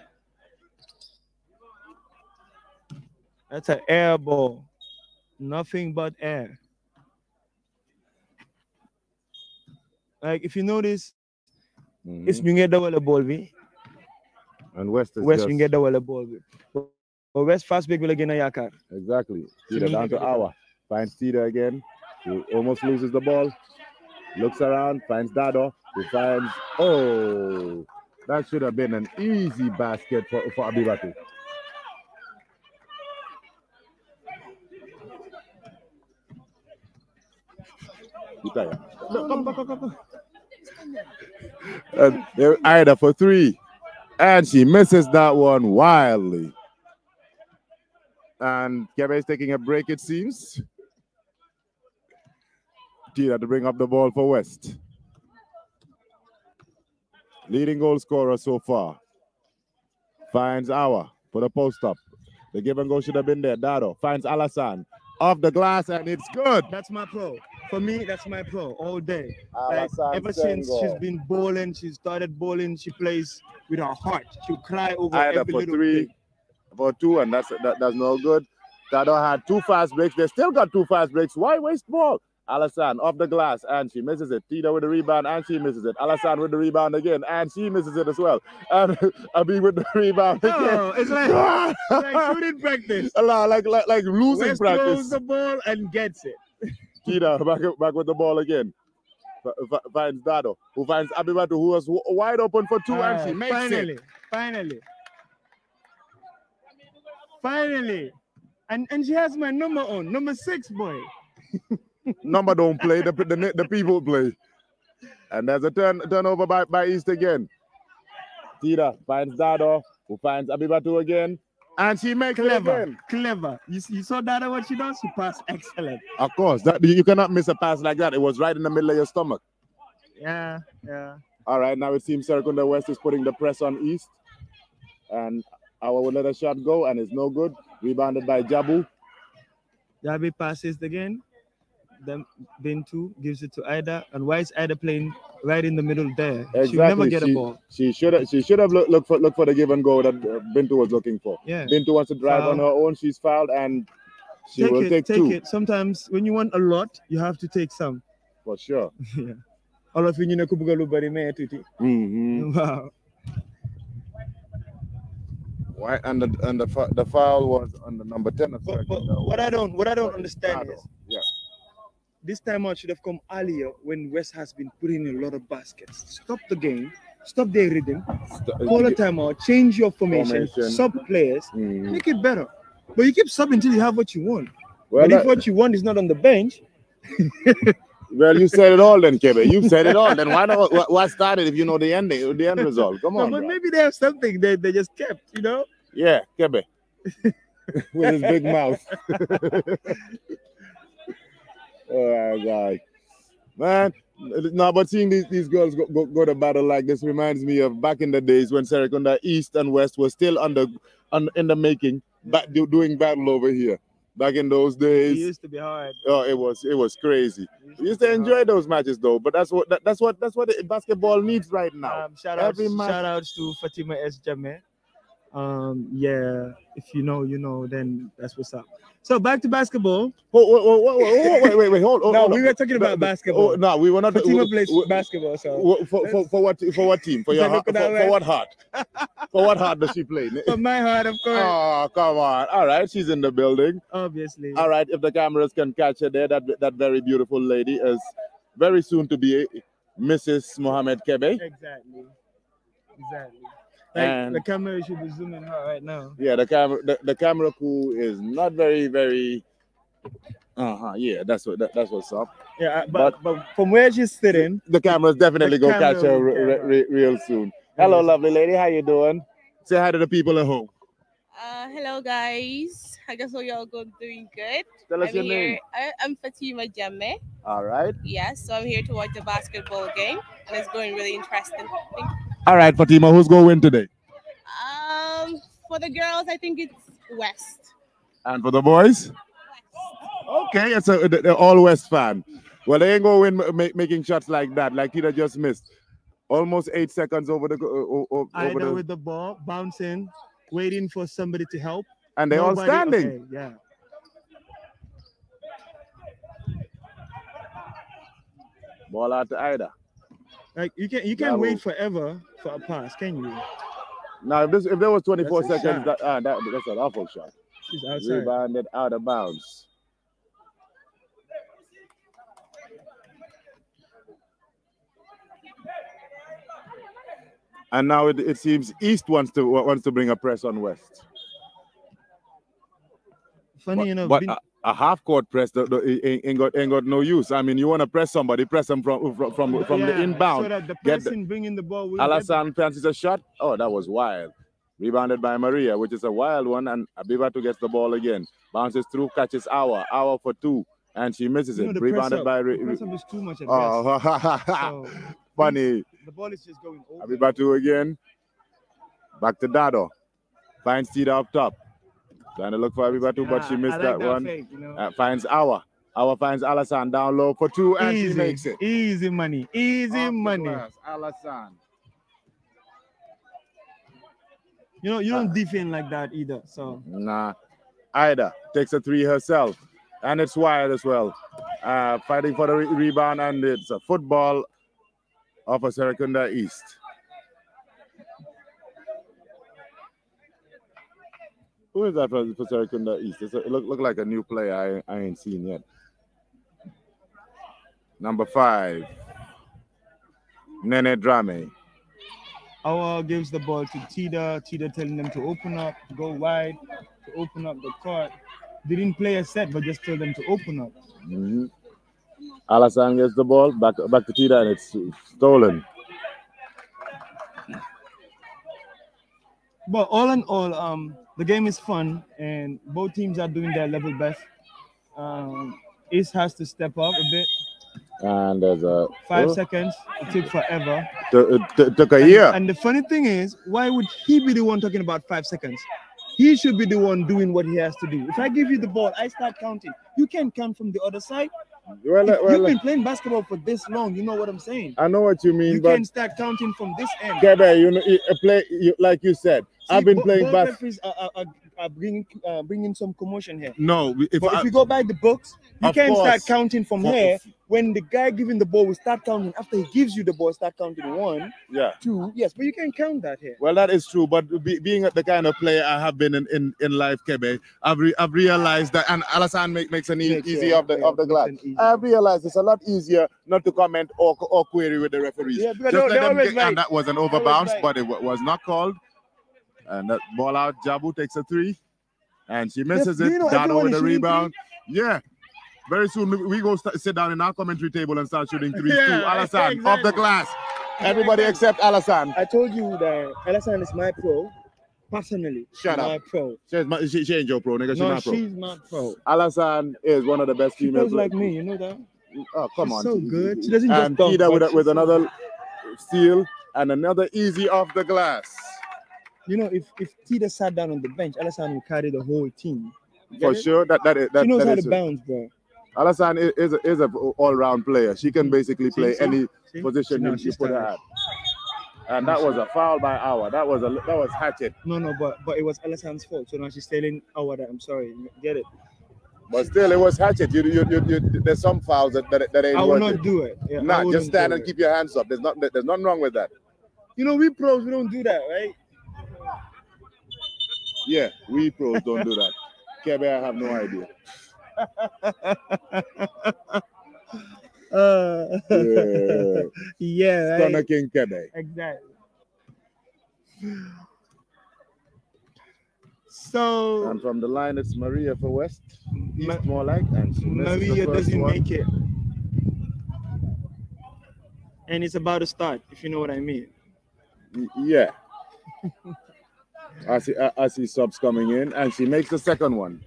That's an air ball. Nothing but air. Like if you notice, mm-hmm. it's ñu ngi dawal ball we. And West is West ñu ngi dawal ball we. But West fast big bi again gëna yaakaar. Exactly. Tida down to hour. Finds Tida again. He almost loses the ball. Looks around, finds Dado. Decides, oh, that should have been an easy basket for, for Abibatu. come, come, come, come. And they're Ida for three. And she misses that one wildly. And Kebe is taking a break, it seems. Tita to bring up the ball for West leading goal scorer so far. Finds Awa for the post up. The give and go should have been there. Dado finds Alassane off the glass and it's good. That's my pro. For me, that's my pro all day. Like, ever since she's been bowling, she started bowling. She plays with her heart. she cry over Either every for little three, thing. for two, and that's that, that's no good. Dado had two fast breaks. They still got two fast breaks. Why waste ball? Alassane off the glass and she misses it. Tito with the rebound and she misses it. Alassane with the rebound again and she misses it as well. And Abi with the rebound again. it's like, like shooting practice. Like, like, like losing West practice. throws the ball and gets it. Tito back, back with the ball again. Finds Dado, who finds Abibatu, who was wide open for two, uh, and she makes finally, it. Finally, finally, finally, and and she has my number on, number six, boy. Number don't play. The, the, the people play. And there's a turn turnover by, by East again. Tira finds Dado, who finds Abibatu again. And she makes clever, clever. You, you saw Dada what she does? She passed excellent. Of course, that you cannot miss a pass like that. It was right in the middle of your stomach. Yeah, yeah. All right, now it seems Serkunda West is putting the press on East. And our will let a shot go, and it's no good. Rebounded by Jabu. Jabu passes again them been to gives it to Ida, and why is Ida playing right in the middle there? Exactly. She'll never get she, a ball. She should have. She should have looked, Look for Look for the give and go that uh, Bintu was looking for. Yeah. Bintu wants to drive Foul. on her own. She's fouled, and she take will it, take, take two. it. Sometimes when you want a lot, you have to take some. For sure. yeah. All of you know Kubugalu Barime Tuti. Mm-hmm. Wow. Why and the and the, the foul was on the number ten. But, but what I don't what I don't understand is yeah this time out should have come earlier when West has been putting in a lot of baskets. Stop the game, stop their rhythm, stop. Uh, call a timeout, change your formation, formation. sub players, mm. make it better. But you keep subbing until you have what you want. Well, that, if what you want is not on the bench. well, you said it all then, Kebe. you said it all. Then why not? Why start it if you know the ending, the end result? Come on. No, but bro. maybe they have something that they just kept, you know? Yeah, Kebe. With his big mouth. oh God. Man, Now, but seeing these, these girls go, go, go to battle like this reminds me of back in the days when Serekunda East and West were still under, under in the making, back, doing battle over here. Back in those days, it used to be hard. Oh, it was it was crazy. used, to, enjoy those matches though, but that's what that, that's what that's what basketball needs right now. Um, shout out, shout to Fatima S. Jameh um, yeah, if you know, you know, then that's what's up. So back to basketball. Whoa, whoa, whoa, wait, wait, wait, wait, hold on. no, we were talking about basketball. Oh, no, we were not. Fatima plays basketball, so. For, for, for, what, for what team? For, your heart, for, for what heart? for what heart does she play? For my heart, of course. Oh, come on. All right, she's in the building. Obviously. All right, if the cameras can catch her there, that, that very beautiful lady is very soon to be Mrs. Mohammed Kebe. Exactly. Exactly. Like and the camera should be zooming out right now. Yeah, the camera the, the camera crew is not very very uh-huh. Yeah, that's what that, that's what's up. Yeah, uh, but, but, but from where she's sitting, the camera's definitely gonna camera catch her re, re, real soon. Hello, lovely lady. How you doing? Say hi to the people at home. Uh, hello guys. I guess all y'all good, doing good. Tell us I'm your here. name. Uh, I, am Fatima Jamme. All right. Yes, yeah, so I'm here to watch the basketball game, and it's going really interesting. Thank all right, Fatima, who's going to win today? Um, for the girls, I think it's West. And for the boys? Okay, it's a they're all West fan. Well, they ain't going to win making shots like that, like Tita just missed. Almost eight seconds over the. Uh, over the, with the ball bouncing, waiting for somebody to help. And they're Nobody, all standing. Okay, yeah. Ball out to Ida. Like you can you can wait forever for a pass, can you? Now, if, this, if there was 24 that's seconds, that, uh, that, that's an awful shot. She's Rebounded out of bounds. And now it, it seems East wants to wants to bring a press on West. Funny but, enough, but, uh, a half court press the, the, ain't, got ain't got no use. I mean, you want to press somebody, press them from from from, from yeah, the inbound. So that the person Get bringing the ball. Alassane fancies a shot. Oh, that was wild. Rebounded by Maria, which is a wild one, and Abibatu gets the ball again. Bounces through, catches Hour, Hour for two, and she misses you it. Know, Rebounded up, by. Re- the press up is too much at oh. so, Funny. The ball is just going over. Abibatu again. Back to Dado. Finds Tita up top. Trying to look for everybody yeah, but she missed like that, that, one. Fake, you know? uh, finds Awa. Awa finds Alassane down low for two, and easy, she makes it. Easy money. Easy Off money. Alassane. You know, you don't uh, defend like that either. So nah. Ida takes a three herself. And it's wide as well. Uh, fighting for the re rebound, and it's a football of a Serakunda East. Who is that from Sericunda East? it look, look like a new player I, I ain't seen yet. Number five, Nene Drame. Awa gives the ball to Tida. Tida telling them to open up, to go wide, to open up the court. They didn't play a set, but just told them to open up. Mm-hmm. Alassane gets the ball back back to Tida, and it's stolen. But all in all, um, the game is fun, and both teams are doing their level best. Um, has to step up a bit. And there's a five oh. seconds. It took forever. Uh, took a year. And, the funny thing is, why would he be the one talking about five seconds? He should be the one doing what he has to do. If I give you the ball, I start counting. You can't count from the other side. Well, well, you've been playing basketball for this long, you know what I'm saying. I know what you mean. You can start counting from this end. Kebe, you know, uh, play you, like you said. I've been playing both referees are, are, are bringing uh, bringing some commotion here. No, if, but I, if you go by the books, you can't course. start counting from here. When the guy giving the ball will start counting after he gives you the ball, start counting one, yeah, two, yes, but you can't count that here. Well, that is true, but be, being the kind of player I have been in in, in life, Kebe, I've re, I've realized that, and Alassane make, makes an e- makes easy of the yeah, of the glass. I've realized it's a lot easier not to comment or or query with the referees. Yeah, because Just no, let them always get, and that was an overbounce, bounce, but it was not called. And that ball out, Jabu takes a three. And she misses it. You know, with the rebound. Yeah. Very soon we go sit down in our commentary table and start shooting three. Yeah, two. Alassane exactly. off the glass. Everybody except Alassane. I told you that Alassane is my pro. Personally, shut my up. Pro. She's my, she, she ain't your pro, nigga. She's no, my pro. She's my pro. Alassane is one of the best she female like me, you know that. Oh, come she's on. So good. She doesn't and just. And with, with another steal and another easy off the glass. You know, if if Tita sat down on the bench, Allison would carry the whole team. For it? sure, that that is. That, she knows that how to bounce, bro. Alassane is a, is a all-round player. She can mm. basically see, play any see? position no, you, put her at. And that was a foul by our. That was a that was hatchet. No, no, but but it was Allison's fault. So now she's telling our that I'm sorry. Get it? But still, it was hatchet. You, you, you, you there's some fouls that that, that ain't. I will not it. do it. Yeah, nah, just stand and it. keep your hands up. There's not there's nothing wrong with that. You know, we pros we don't do that, right? Yeah, we pros don't do that. Kebe, I have no idea. Uh, yeah, yeah Stomach right. in Exactly. So and from the line, it's Maria for West, East more like, and Maria doesn't one. make it, and it's about to start. If you know what I mean. Yeah as he, as subs coming in, and she makes the second one.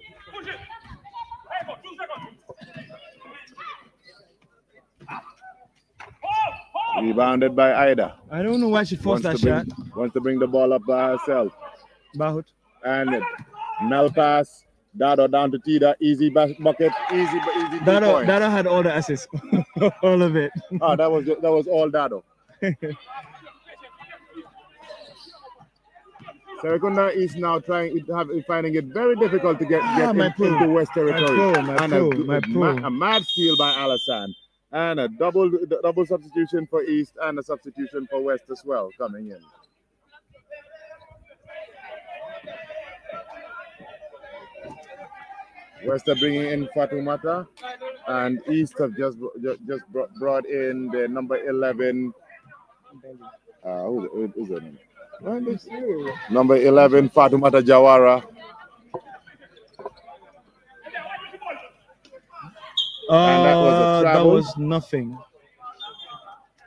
Rebounded by Ida. I don't know why she forced wants that bring, shot. Wants to bring the ball up by herself. Bahut. And Mel pass. Dado down to Tida. Easy bucket. Easy, easy. Dado, Dado had all the assists. all of it. Oh, that was that was all Dado. Serekunda is now trying it have, finding it very difficult to get, ah, get ah, in, into West Territory. My pro, my and pro, a, my Ma, a mad steal by Alassane. And a double double substitution for East and a substitution for West as well coming in. West are bringing in Fatumata, and East have just just brought in the number eleven. Uh, who's, who's her name? Number 11, Fatumata Jawara. Uh, that, was that, was nothing.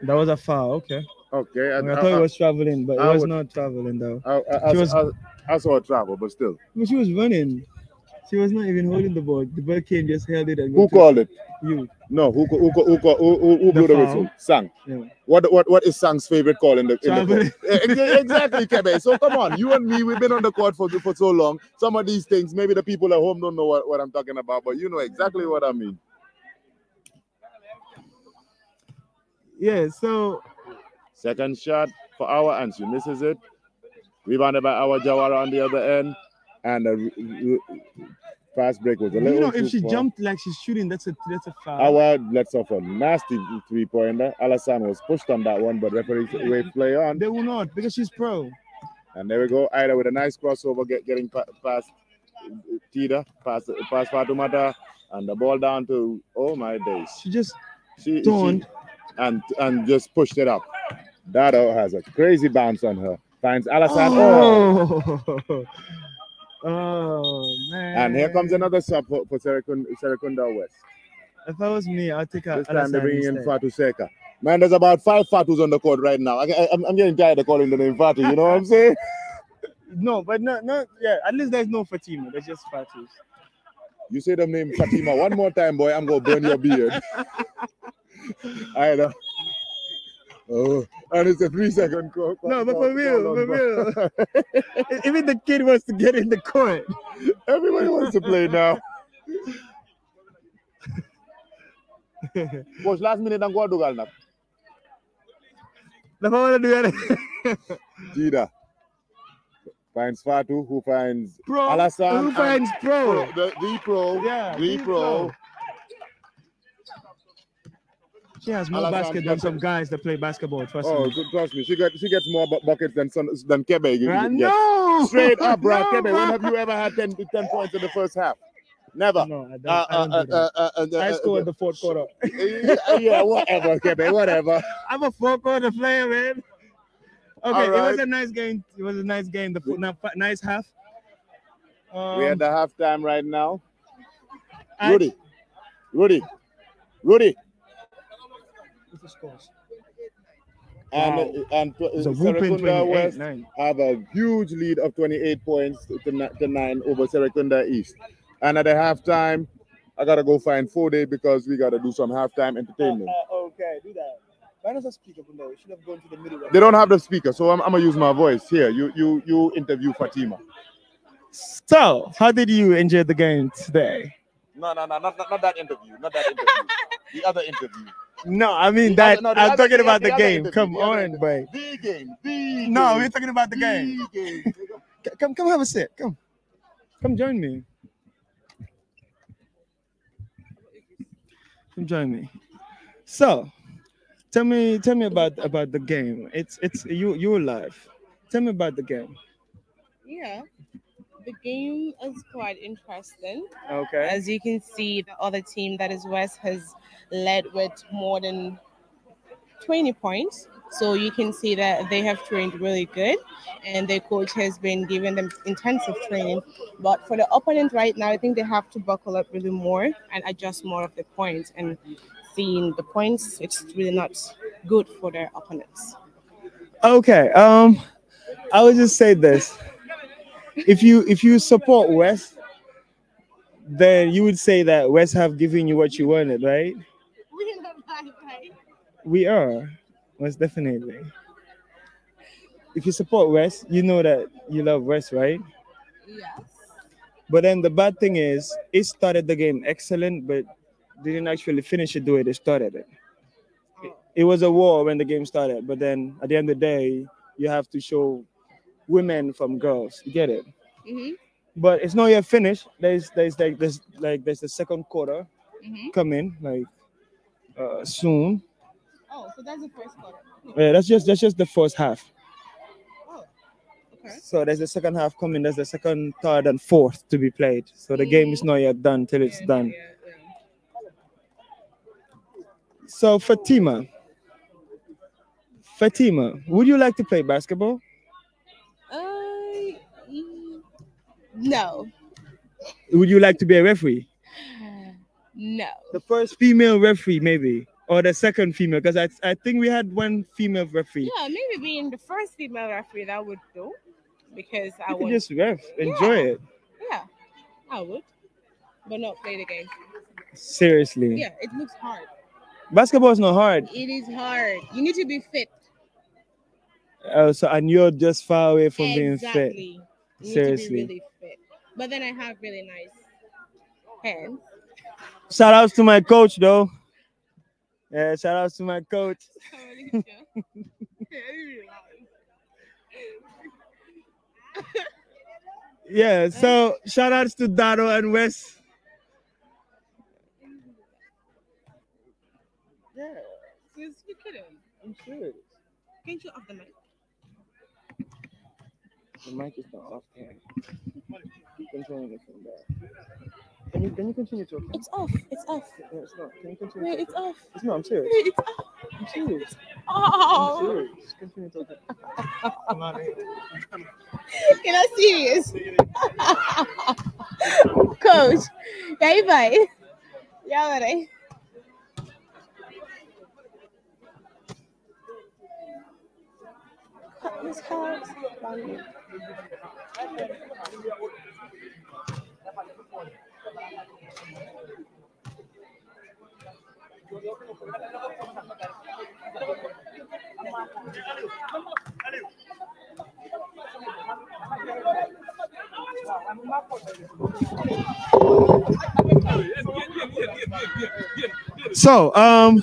That was a foul. Okay. Okay. I, I thought I, it was traveling, but I it was would, not traveling though. I, I, she was, I, saw her travel, but still. she was running. She was not even holding the ball. The ball came, just held it. And who called it? You. No, who who who who, who, who blew the, the whistle? Sang. Yeah. What what what is Sang's favorite call in the, in the eh, exactly, Kebe. So come on, you and me, we've been on the court for for so long. Some of these things, maybe the people at home don't know what, what I'm talking about, but you know exactly what I mean. Yeah. So. Second shot for our answer. misses it. Rebounded by our Jawara on the other end and the fast break was a little. You know, if she far. jumped like she's shooting, that's a that's a foul. Our let off a nasty three pointer. Alassane was pushed on that one, but referee will play on. They will not because she's pro. And there we go. Ida with a nice crossover, get, getting past Tida, past past Fatumata, and the ball down to oh my days. She just she, turned she, and and just pushed it up. Dado has a crazy bounce on her. Finds Alassane. Oh. oh. Oh man! And here comes another sub for, for Serekunda West. If that was me, I'd take a. This time they're bringing in Fatu Seka. Man, there's about five Fatus on the court right now. I, am getting tired of calling the name Fatu. You know what I'm saying? no, but no, no, yeah. At least there's no Fatima. There's just Fatus. You say the name Fatima one more time, boy. I'm gonna burn your beard. I know. Oh, and it's a three second call. No, but for real, for real. Even the kid wants to get in the court. Everybody wants to play now. Coach, last minute ang kuha dugal na. do dugal. Jeda Finds Fatu, who finds Pro, Alasan. Who finds Pro? The, the Pro. Yeah, the, the pro. pro. She has more baskets than some guys that play basketball. Trust oh, me. trust me. She gets she gets more buckets than than Kebe. You, you no. Straight up, bro. no. Kebe, when have you ever had 10, 10 points in the first half? Never. No, I don't. I, scored uh, the fourth quarter. yeah, whatever, Kebe, whatever. I'm a fourth quarter player, man. Okay, right. it was a nice game. It was a nice game. The foot, nice half. Um, We're the halftime right now. I, Rudy, Rudy, Rudy scores. And wow. Uh, and West nine. have a huge lead of 28 points to, to nine over Seracunda East. And at the halftime, I gotta go find four because we gotta do some halftime entertainment. Uh, uh, okay, do that. Why not speaker from there? We should have gone to the middle. Right? They don't have the speaker, so I'm, I'm, gonna use my voice here. You you you interview Fatima. So, how did you enjoy the game today? No, no, no, not, not, not that interview, not that interview. the other interview. No, I mean that. No, no, I'm talking about the, the game. come the on, boy. The game. The no, we're talking about the, game. game. come, come, have a sit. Come, come join me. Come join me. So, tell me, tell me about about the game. It's it's you your life. Tell me about the game. Yeah the game is quite interesting. Okay. As you can see, the other team that is West has led with more than 20 points. So you can see that they have trained really good and their coach has been giving them intensive training. But for the opponent right now, I think they have to buckle up really more and adjust more of the points. And seeing the points, it's really not good for their opponents. Okay. Um, I would just say this if you if you support West, then you would say that West have given you what you wanted, right? We love right? We are, most definitely. If you support West, you know that you love West, right? Yes. But then the bad thing is, it started the game excellent, but didn't actually finish it the way they started It, oh. it was a war when the game started, but then at the end of the day, you have to show women from girls. You get it? Mm-hmm. But it's not yet finished. There's there's like there's like there's the second quarter mm-hmm. coming like uh, soon. Oh, so that's the first quarter. Yeah, that's just that's just the first half. Oh, okay. So there's the second half coming. There's the second, third, and fourth to be played. So the game is mm-hmm. not yet done till it's done. So Fatima, Fatima, would you like to play basketball? Uh, mm, no. Would you like to be a referee? No. The first female referee, maybe, or the second female, because I, I think we had one female referee. Yeah, maybe being the first female referee that would do, because I would just ref, enjoy yeah. it. Yeah, I would, but not play the game. Seriously. Yeah, it looks hard. Basketball is not hard. It is hard. You need to be fit. Oh, so and you're just far away from exactly. being fit. Seriously. Be really fit. But then I have really nice hands. Shout outs to my coach though. Yeah, shout outs to my coach. yeah, so shout outs to Dado and Wes. Yeah. You're kidding. I'm serious. Can't you off the mic? The mic is not off there. Keep controlling it from there. Can you, can you continue talking? It's off. It's off. No, it's not. Can you continue? Wait, it's off. It's not. I'm serious. Wait, it's off. I'm serious. Oh. I'm serious. Continue talking. I'm not You're not serious. Coach, bye bye. Yeah, all right. His heart So, um,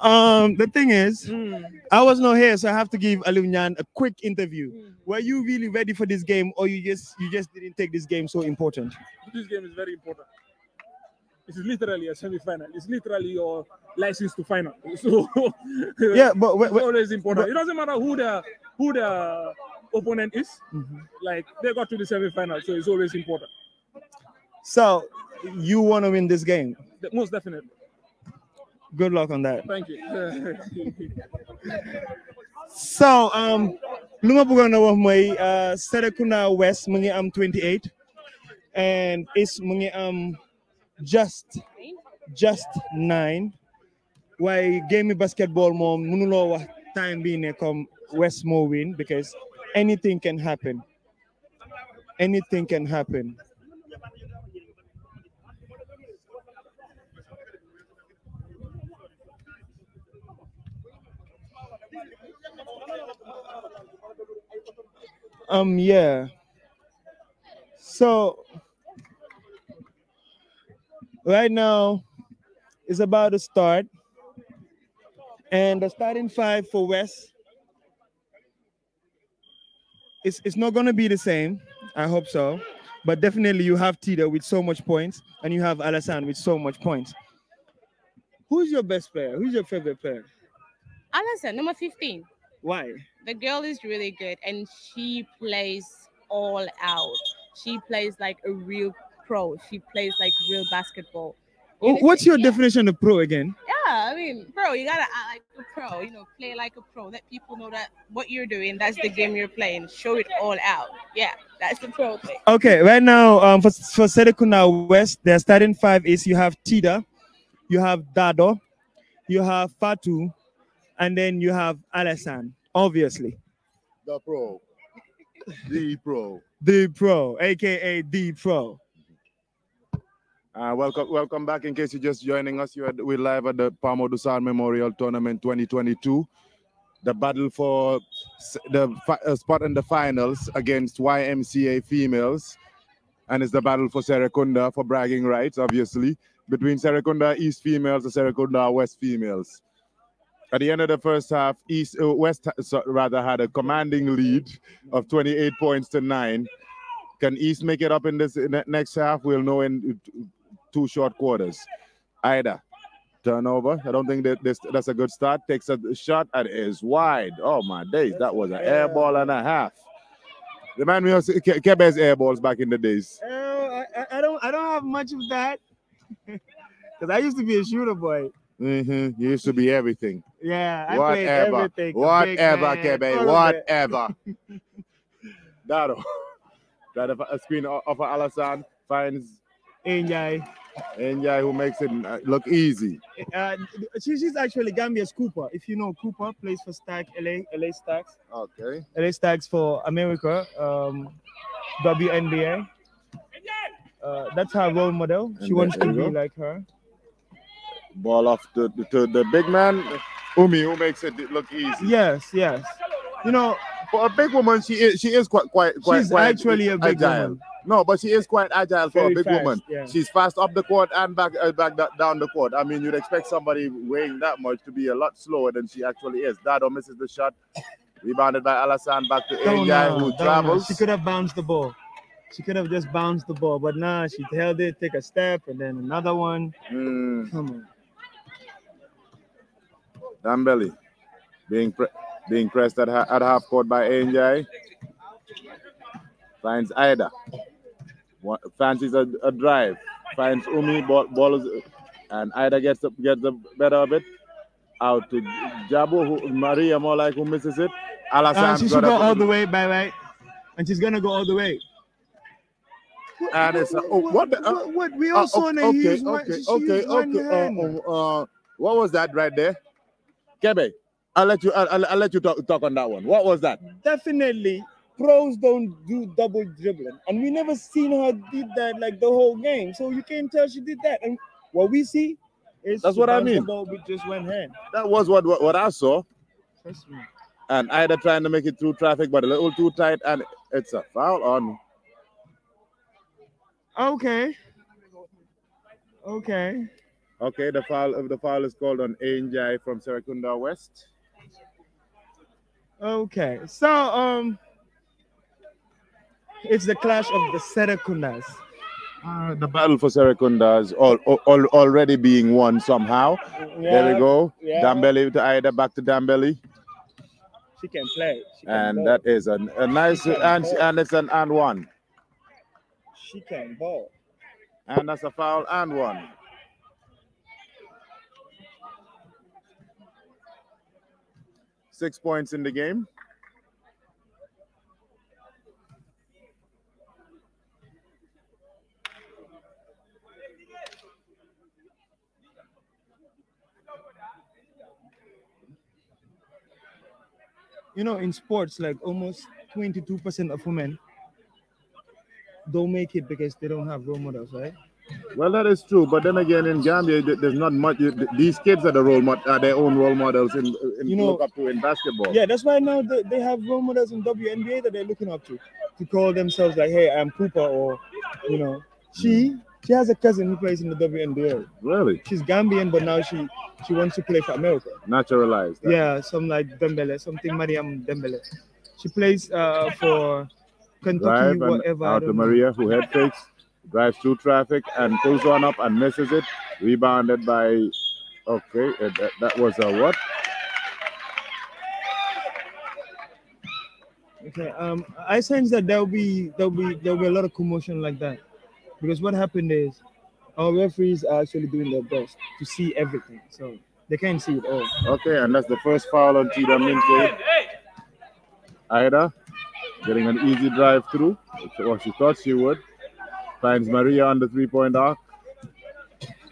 um, the thing is, mm. I was not here, so I have to give Alunyan a quick interview. Mm. Were you really ready for this game, or you just you just didn't take this game so important? This game is very important. It is literally a semi-final. It's literally your license to final. So yeah, but it's always important. But, it doesn't matter who the who the opponent is. Mm -hmm. Like they got to the semi-final, so it's always important. So you want to win this game? Most definitely. Good luck on that. Thank you. so um luma ma wa mai. wax uh, West mu am 28 and East mu am just just nine Why game basketball moom mënuloo wa time bii ne come West moo win because anything can happen anything can happen Um, yeah. So right now it's about to start. And the starting five for West it's it's not gonna be the same. I hope so. But definitely you have Tita with so much points, and you have Alasan with so much points. Who's your best player? Who's your favorite player? Alasan, number 15. Why? the girl is really good and she plays all out. She plays like a real pro. She plays like real basketball. You What's your yeah. definition of pro again? Yeah, I mean, pro, you gotta act like a pro, you know, play like a pro. Let people know that what you're doing, that's the game you're playing. Show it all out. Yeah, that's the pro thing. Okay, right now, um, for, for Sedekuna West, their starting five is you have Tida, you have Dado, you have Fatu, and then you have Alassane. Obviously. The pro. The pro. The pro, aka the pro. Uh, welcome, welcome back. In case you're just joining us, are, we're live at the Palmo Dusan Memorial Tournament 2022. The battle for the uh, spot in the finals against YMCA females, and it's the battle for Serekunda for bragging rights, obviously, between Serekunda East females and Serekunda West females. At the end of the first half, East uh, West uh, rather had a commanding lead of 28 points to nine. Can East make it up in this in next half? We'll know in two short quarters. Ida turnover. I don't think that this, that's a good start. Takes a shot and is wide. Oh my days, that was an air ball and a half. The man we also Kebe's air balls back in the days. Uh, I, I, don't I don't have much of that because I used to be a shooter boy. Mm-hmm. You used to be everything. Yeah, I whatever. Whatever, Kebe. Whatever. Dado. That a screen of Alassane finds Enjai. Enjai, who makes it uh, look easy. Uh, she's actually Gambia's Cooper. If you know Cooper, plays for Stack LA, LA Stacks. Okay. LA Stacks for America, um, WNBA. Uh, that's her role model. She wants to be like her. Ball off to the, the big man, Umi, who makes it look easy. Yes, yes. You know, for a big woman, she is she is quite quite quite. She's quite actually a big girl. woman. No, but she is quite agile for Very a big fast, woman. Yeah. She's fast up the court and back uh, back down the court. I mean, you'd expect somebody weighing that much to be a lot slower than she actually is. Dado misses the shot, rebounded by Alassane back to Ayai, who travels. She could have bounced the ball. She could have just bounced the ball, but nah, she held it, take a step, and then another one. Mm. Come on. Dambelli being pre being pressed at, ha at half court by Anjay. Finds Ida. One, fancies a, a, drive. Finds Umi. Ball, ball is, and Ida gets the, gets the better of it. Out to Jabu who, Maria more like who misses it. Alassane uh, she should go all the way, by right? And she's gonna go all the way. And it's oh, what, the, uh, what, what, we also uh, okay, okay, okay, okay, okay. Uh, oh, oh, uh, what was that right there? Kebe, I'll let you. I'll, I'll let you talk, talk on that one. What was that? Definitely, pros don't do double dribbling, and we never seen her did that like the whole game. So you can't tell she did that. And what we see is that's what I mean. We just went hand. That was what, what what I saw. Trust me. And either trying to make it through traffic, but a little too tight, and it's a foul on. Okay. Okay. Okay, the foul the foul is called on Anjay from Serakunda West. Okay, so um, it's the clash of the Serakundas. Uh, the battle for Serakunda is all, all, already being won somehow. Yeah, there we go. Yeah. Dambelli to Ida, back to Dambelli. She can play. She can and ball. that is a, a nice and and it's an and one. She can ball. And that's a foul and one. six points in the game. You know, in sports, like almost 22% of women don't make it because they don't have role models, right? Well, that is true. But then again, in Gambia, there's not much. These kids are the role mo- are their own role models in, in you know, look up to in basketball. Yeah, that's why now they, have role models in WNBA that they're looking up to to call themselves like, hey, I'm Cooper, or you know, she she has a cousin who plays in the WNBA. Really? She's Gambian, but now she she wants to play for America. Naturalized. Yeah, some like Dembele, something Mariam Dembele. She plays uh, for Kentucky, Drive whatever. Out to Maria, who head fakes drives through traffic and pulls one up and misses it. Rebounded by, okay, eh, that, that was a what? Okay, um, I sense that there'll be there'll be there'll be a lot of commotion like that, because what happened is our referees are actually doing their best to see everything, so they can't see it all. Okay, and that's the first foul on Tida Minte. Ida getting an easy drive through, or she thought she would. Finds Maria on the three-point arc.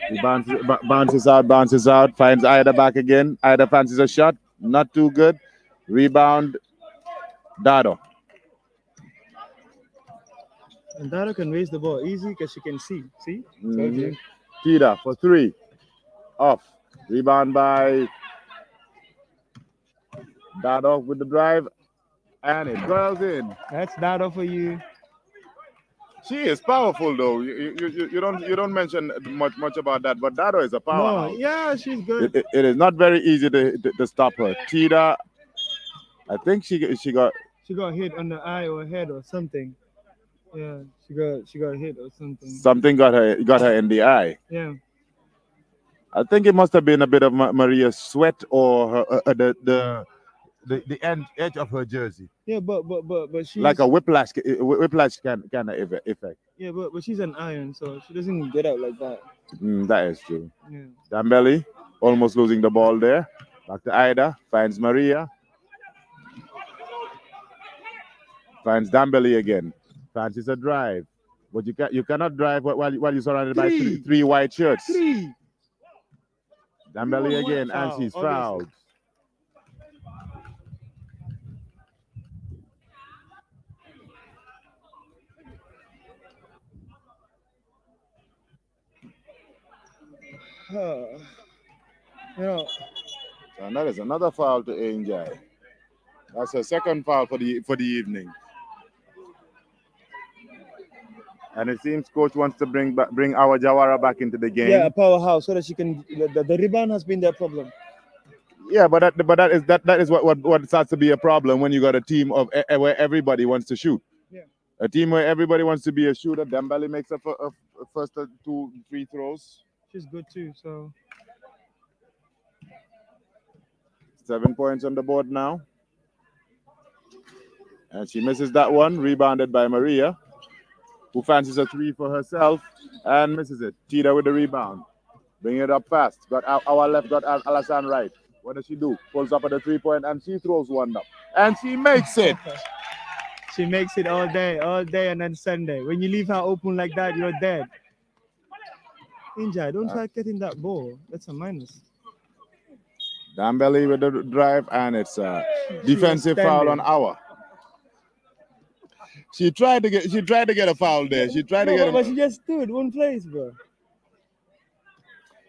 He bounces, bounces out, bounces out. Finds Ida back again. Ida fancies a shot. Not too good. Rebound. Dado. And Dado can raise the ball easy because she can see. See? Mm -hmm. Tida for three. Off. Rebound by Dado with the drive. And it curls in. That's Dado for you. She is powerful though. You, you, you, you, don't you don't mention much much about that, but Dado is a power. No, yeah, she's good. It, it, it is not very easy to, to, to, stop her. Tita, I think she she got she got hit on the eye or head or something. Yeah, she got she got hit or something. Something got her got her in the eye. Yeah. I think it must have been a bit of Maria's sweat or her, uh, the the the, the end edge of her jersey. Yeah, but but but but she like a whiplash eh, eh, whiplash kind kind of effect. Yeah, but but she's an iron, so she doesn't get out like that. Mm, that is true. Yeah. Dambelli almost losing the ball there. Back to Ida finds Maria. Finds Dambelli again. Finds a drive, but you can you cannot drive while while you're surrounded three. by three, three white shirts. Three. Dambelli again, and she's fouled. you know. And that is another foul to Angel. That's a second foul for the for the evening. And it seems coach wants to bring back, bring our Jawara back into the game. Yeah, powerhouse, so that she can. The, the rebound has been their problem. Yeah, but that but that is that that is what what, what starts to be a problem when you got a team of where everybody wants to shoot. Yeah. A team where everybody wants to be a shooter. Dembele makes a, a, a first two three throws is good too. So seven points on the board now. And she misses that one, rebounded by Maria, who fancies a three for herself and misses it. Tita with the rebound. Bring it up fast. Got our left, got Alassane right. What does she do? Pulls up at the three point and she throws one up. And she makes it. she makes it all day, all day, and then Sunday. When you leave her open like that, you're dead. Inja, don't try getting that ball. That's a minus. Dambelli with the drive, and it's a defensive foul on our. She tried to get she tried to get a foul there. She tried no, to get but, a, but she just stood one place, bro.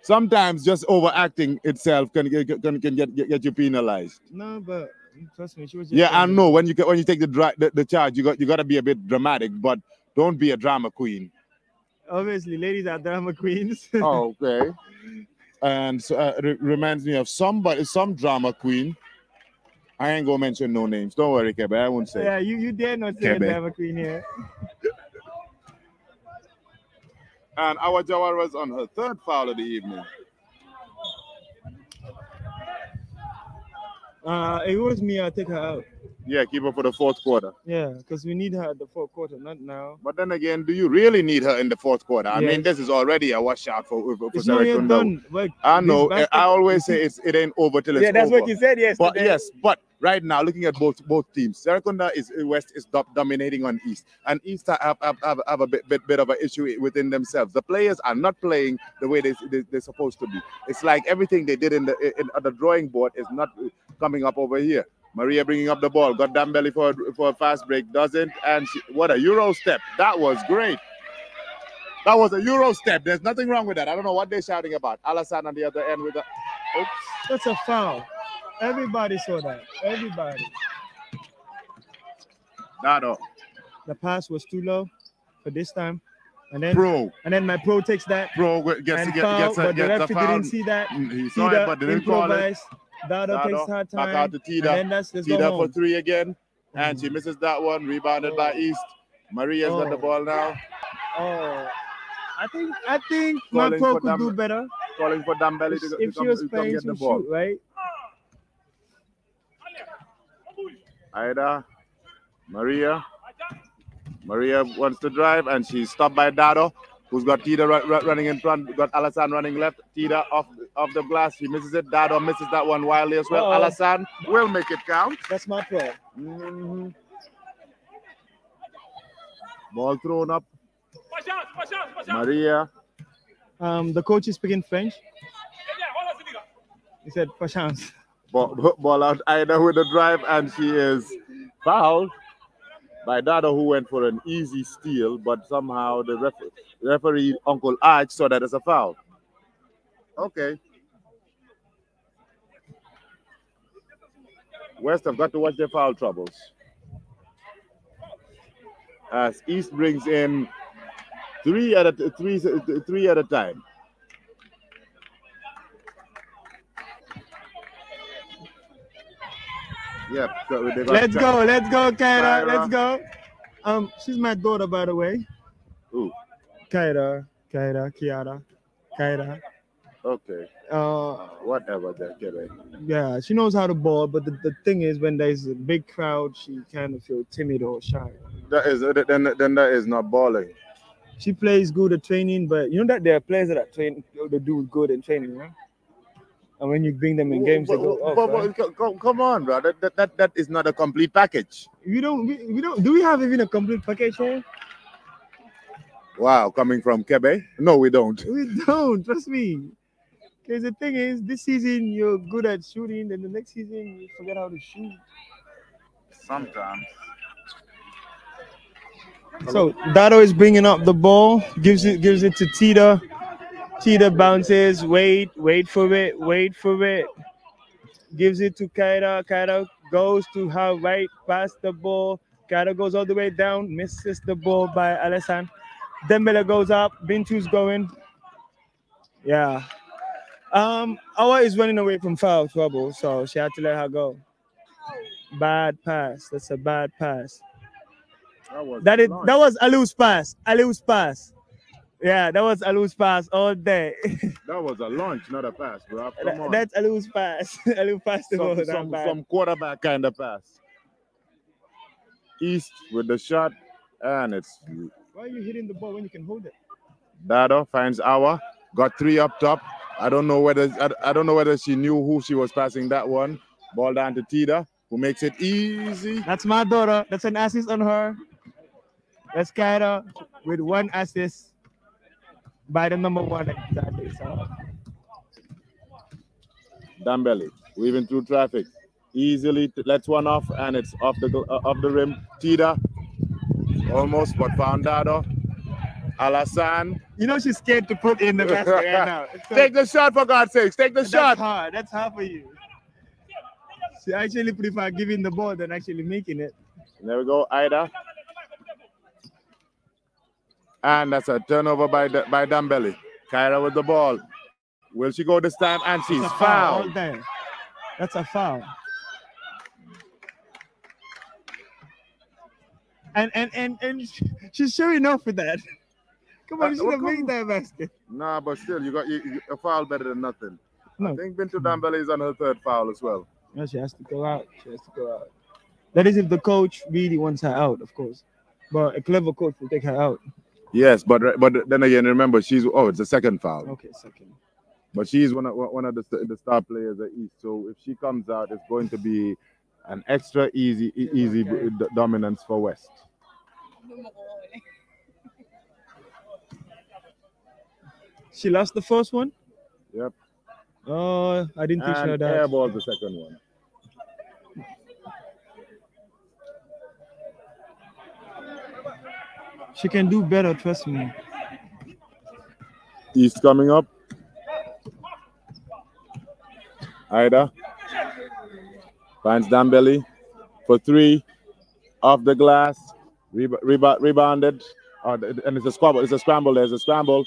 Sometimes just overacting itself can get can, can get, get, get you penalized. No, but trust me, she was Yeah, I know. When you when you take the, the the charge, you got you gotta be a bit dramatic, but don't be a drama queen obviously ladies are drama queens. oh, okay. And so, uh, re- reminds me of somebody, some drama queen. I ain't gonna mention no names. Don't worry, Kebe. I won't say. Yeah, you, you dare not say Kebe. drama queen here. and our Jawar was on her third foul of the evening. Uh, it was me. I'll take her out. Yeah, keep her for the fourth quarter. Yeah, because we need her at the fourth quarter, not now. But then again, do you really need her in the fourth quarter? I yes. mean, this is already a washout for for, It's Sarah Kundau. Like, I know. I always say it's, it ain't over till it's over. Yeah, that's over. what you said. Yes. But yes, but right now, looking at both both teams, Serakunda is uh, West is dominating on East, and East have have, have, have a bit, bit bit of an issue within themselves. The players are not playing the way they, they are supposed to be. It's like everything they did in the in, in, the drawing board is not uh, coming up over here. Maria bringing up the ball, got Dambelli for, for a fast break, doesn't, and she, what a Euro step. That was great. That was a Euro step. There's nothing wrong with that. I don't know what they're shouting about. Alassane on the other end with the. Oops. That's a foul. Everybody saw that. Everybody. Dado. The pass was too low for this time. And then pro. And then my pro takes that. Pro gets, and gets, foul, gets, a, but gets the referee didn't see that. Mm, he saw it, but didn't call it. Dado, takes her time. Back out to Tida. And Tida for three again. Mm. And mm. she misses that one. Rebounded oh. by East. Maria's oh. got the oh. ball now. Oh. I think I think calling Marco could Dam do better. Calling for Dambelli to, if to come, she was to playing to shoot, right? Ida, Maria. Maria wants to drive and she's stopped by Dado, who's got Tida running in front, got Alassane running left. Tida off of the blasphemy. Misses it, that or misses that one wildly as well. Oh. Alassane will make it count. That's my prayer. Mm-hmm. Ball thrown up. Maria. Um, the coach is speaking French. He said, Pachance. Ball, ball out either with the drive, and she is fouled by Dada, who went for an easy steal, but somehow the ref referee, Uncle Arch, saw that as a foul. Okay. West have got to watch their foul troubles. As East brings in three at a three three at a time. Yep. Let's time. go. Let's go, Kaira. Let's go. Um, she's my daughter, by the way. Who? Kaira, Kaira, Kiara, Kaira. Okay. Uh, whatever, that get it. Yeah, she knows how to ball, but the, the thing is, when there's a big crowd, she kind of feel timid or shy. That is then then that is not balling. She plays good at training, but you know that there are players that train they do good in training, right? And when you bring them in games, they go off, right? come on, bro. That, that, that, that is not a complete package. You don't, we, we don't. Do we have even a complete package here? Wow, coming from Quebec? No, we don't. We don't. Trust me. Because the thing is, this season you're good at shooting, and the next season you forget how to shoot. Sometimes. So Dado is bringing up the ball, gives it gives it to Tita. Tita bounces, wait, wait for it, wait for it. Gives it to Kaira. Kaira goes to her right, past the ball. Kaira goes all the way down, misses the ball by Alessan. Dembele goes up, Bintu's going. Yeah, um, Awa is running away from foul trouble, so she had to let her go. Bad pass. That's a bad pass. That was that, is, that was a loose pass. A loose pass. Yeah, that was a loose pass all day. that was a launch, not a pass, bro. That, that's a loose pass. a loose pass to some, some, some quarterback kind of pass. East with the shot, and it's. Why are you hitting the ball when you can hold it? Dado finds Awa. Got three up top. I don't know whether I, I don't know whether she knew who she was passing that one. Ball down to Tita, who makes it easy. That's my daughter. That's an assist on her. That's Kyra with one assist by the number one. Exactly. So. Dambelli weaving through traffic, easily lets one off, and it's off the uh, off the rim. Tita almost, but Foundado Alasan, You know she's scared to put in the basket right now. So, Take the shot for God's sake. Take the that's shot. Hard. That's hard for you. She actually prefer giving the ball than actually making it. There we go, Ida. And that's a turnover by D by Dumbelly. Kyra with the ball. Will she go this time? And she's that's fouled. Foul that's a foul. And and and and she's showing off with that. Come on, you uh, should have made that basket. Nah, but still, you got you, you, a foul better than nothing. No. I think Bintu Dambele is on her third foul as well. No, she has to go out. She has to go out. That is if the coach really wants her out, of course. But a clever coach will take her out. Yes, but but then again, remember she's oh, it's the second foul. Okay, second. But she's one of one of the, the star players at East. So if she comes out, it's going to be an extra easy easy okay. dominance for West. Oh, She lost the first one. Yep. Oh, I didn't think and she had that. Airball the second one. She can do better, trust me. He's coming up. Ida. Finds Dambelli for three. Off the glass. Reba reba rebounded. Oh, and it's a scramble. It's a scramble. There's a scramble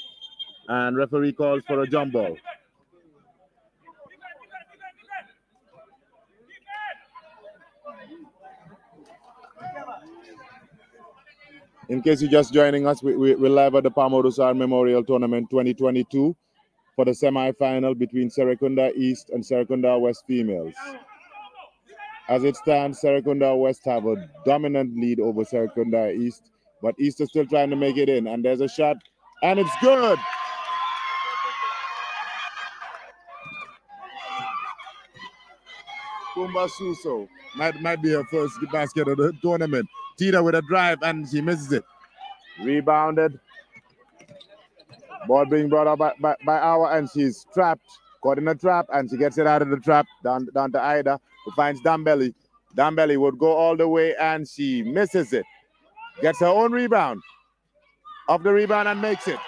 and referee calls for a jump ball. In case you're just joining us, we, we, are live at the Palmodosar Memorial Tournament 2022 for the semi-final between Serekunda East and Serekunda West females. As it stands, Serekunda West have a dominant lead over Serekunda East, but East is still trying to make it in, and there's a shot, and it's good. Kumba Suso might, might be her first basket of the tournament. Tita with a drive and she misses it. Rebounded. Ball being brought up by, by, by and she's trapped, caught in a trap, and she gets it out of the trap down, down to Ida, who finds Dambelli. Dambelli would go all the way and she misses it. Gets her own rebound. Off the rebound and makes it.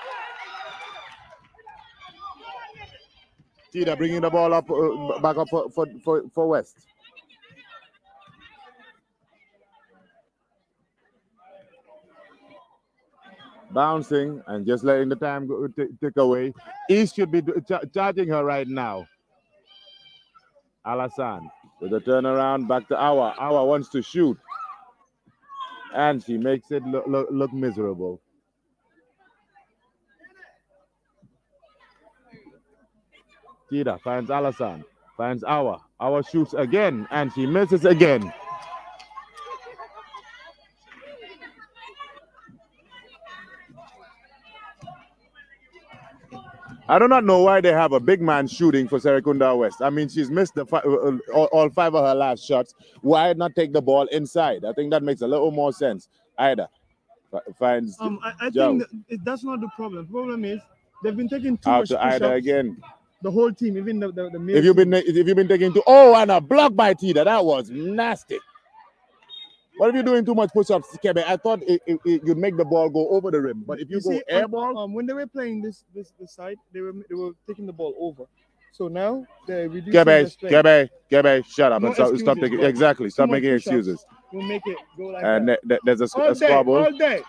Tida bringing the ball up uh, back up for, for, for, for West. Bouncing and just letting the time go, tick away. East should be ch charging her right now. Alassane with a turnaround back to Awa. Awa wants to shoot. And she makes it look, look, look miserable. Ida finds Alasan, finds Awa. Awa shoots again, and she misses again. I do not know why they have a big man shooting for Serekunda West. I mean, she's missed fi uh, uh, all, all, five of her last shots. Why not take the ball inside? I think that makes a little more sense. Either finds. Um, I, I think that's not the problem. The problem is they've been taking too Out much. Out to Ida again the whole team, even the the, the If you've been if you've been taking Oh, and a block by Tita, that was nasty. What if you're doing too much push-ups, Kebe? I thought it, it, it, you'd make the ball go over the rim, but if you, you go see, air um, ball, um, when they were playing this this this side, they were they were taking the ball over. So now they're reducing Gebe, the strength. Gebe, shut up no and stop, excuses, stop taking exactly. Stop making excuses. We'll make it go like and that. Th- there's a, a day, scoreboard. All day.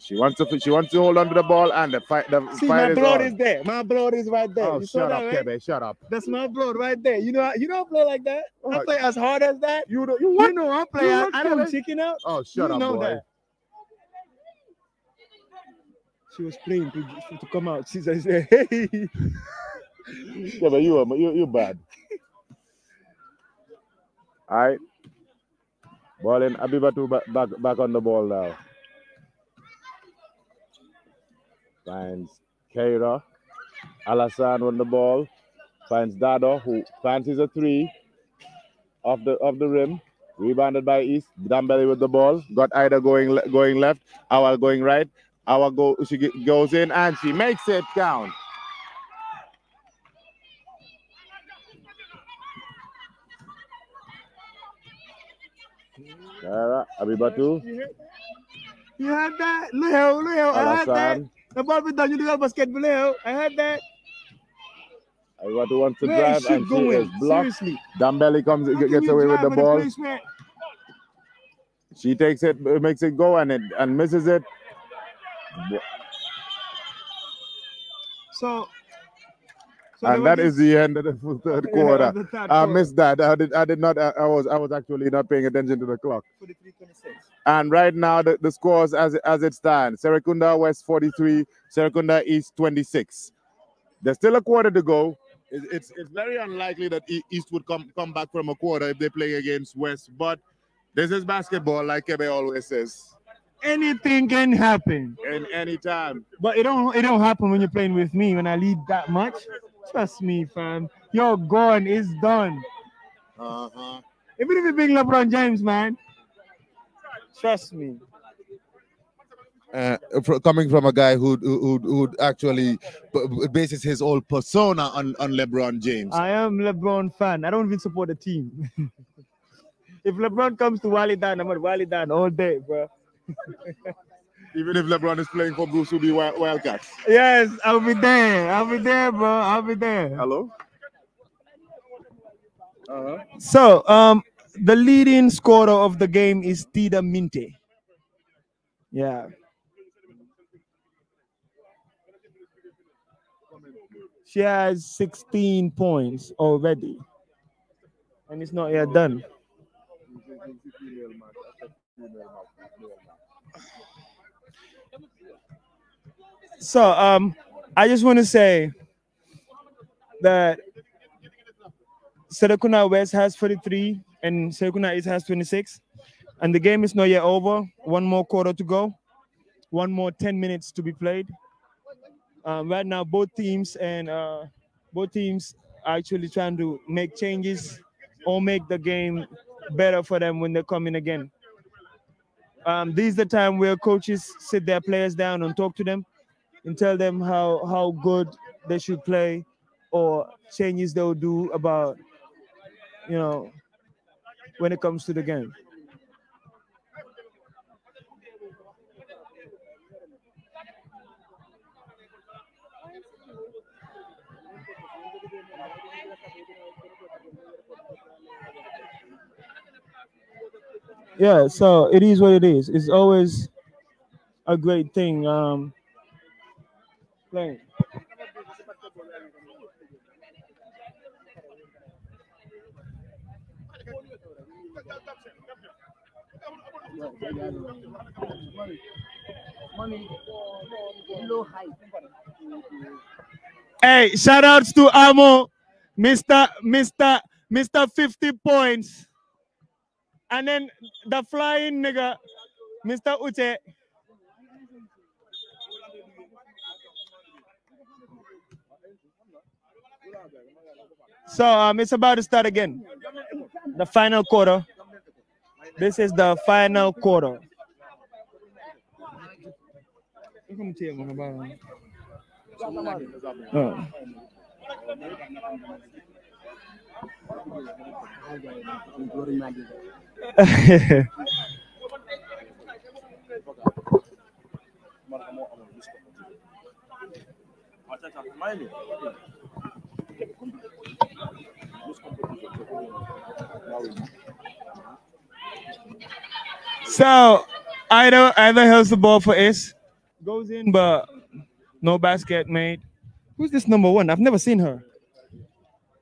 She wants to she wants to hold on to the ball and the fight the See, my is blood on. is there. My blood is right there. Oh, shut up, right? Kebe, shut up. That's my blood right there. You know you don't play like that. I oh. play as hard as that. You don't you, you know I play I, I don't chicken out. Oh shut you up. Know boy. That. She was playing to, to come out. She said, hey. yeah, but you are you you bad. All right. Balling Abiba to back back on the ball now. finds Keira. Alassane on the ball, finds Dado, who fancies a three off the off the rim. Rebounded by East. Dambele with the ball. Got Ida going going left. our going right. our go she goes in and she makes it count. Abibatu. You had that? Look how, look how I had that. The ball be done. You do basket below. I heard that. I want to want to where drive and she is blocked. Seriously. Dambelli comes gets away with the ball. The She takes it, uh, makes it go, and it and misses it. So and that is the end of the third quarter. the third I missed that. I did. I did not. I, I was. I was actually not paying attention to the clock. And right now, the, the scores as as it stands: Serekunda West 43, Serekunda East 26. There's still a quarter to go. It, it's it's very unlikely that East would come come back from a quarter if they play against West. But this is basketball, like Kebe always says. Anything can happen. any time. But it don't it don't happen when you're playing with me. When I lead that much, Trust me, fam. You're gone. It's done. Uh-huh. Even if you bring LeBron James, man. Trust me. Uh, coming from a guy who who who actually bases his whole persona on on LeBron James. I am LeBron fan. I don't even support the team. if LeBron comes to Wally Dan, I'm at Wally Dan all day, bro. Even if LeBron is playing for Bruce Ubi Wild, Wildcats. Yes, I'll be there. I'll be there, bro. I'll be there. Hello. Uh-huh. So, um, the leading scorer of the game is Tida Minte. Yeah. She has 16 points already, and it's not yet done. So um, I just want to say that Serekuna West has 43 and Serekuna East has 26. And the game is not yet over. One more quarter to go. One more 10 minutes to be played. Um, right now, both teams and uh, both teams are actually trying to make changes or make the game better for them when they come in again. Um, this is the time where coaches sit their players down and talk to them and tell them how how good they should play or changes they'll do about you know when it comes to the game. Yeah, so it is what it is. It's always a great thing. Um, playing. Hey, shout outs to Amo, Mr. Mr. Mr. 50 points. And then the flying nigga, Mr. Uche. So um, it's about to start again. The final quarter. This is the final quarter. So either either holds the ball for Ace, goes in, but no basket made. Who's this number one? I've never seen her.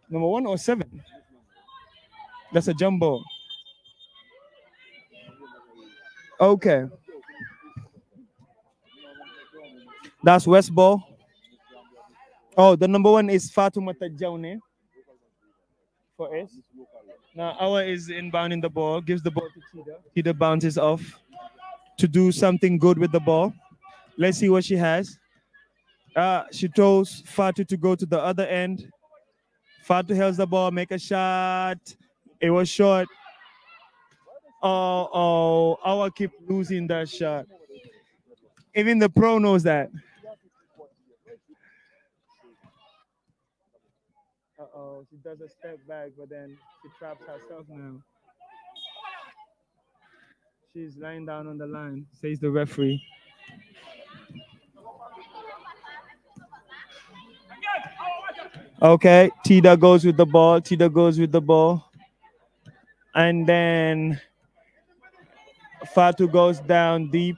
Number one or seven? That's a jumbo. Okay. That's West Ball. Oh, the number one is Fatuma Jaune for us. Now, our is inbounding in the ball, gives the ball to Tida. Tida bounces off to do something good with the ball. Let's see what she has. Uh, she tells Fatu to go to the other end. Fatu holds the ball, make a shot. It was short. Oh, oh, our keep losing that shot. Even the pro knows that. she does a step back, but then she traps herself now. She's lying down on the line, says the referee. Okay, Tida goes with the ball. Tida goes with the ball. And then Fatu goes down deep.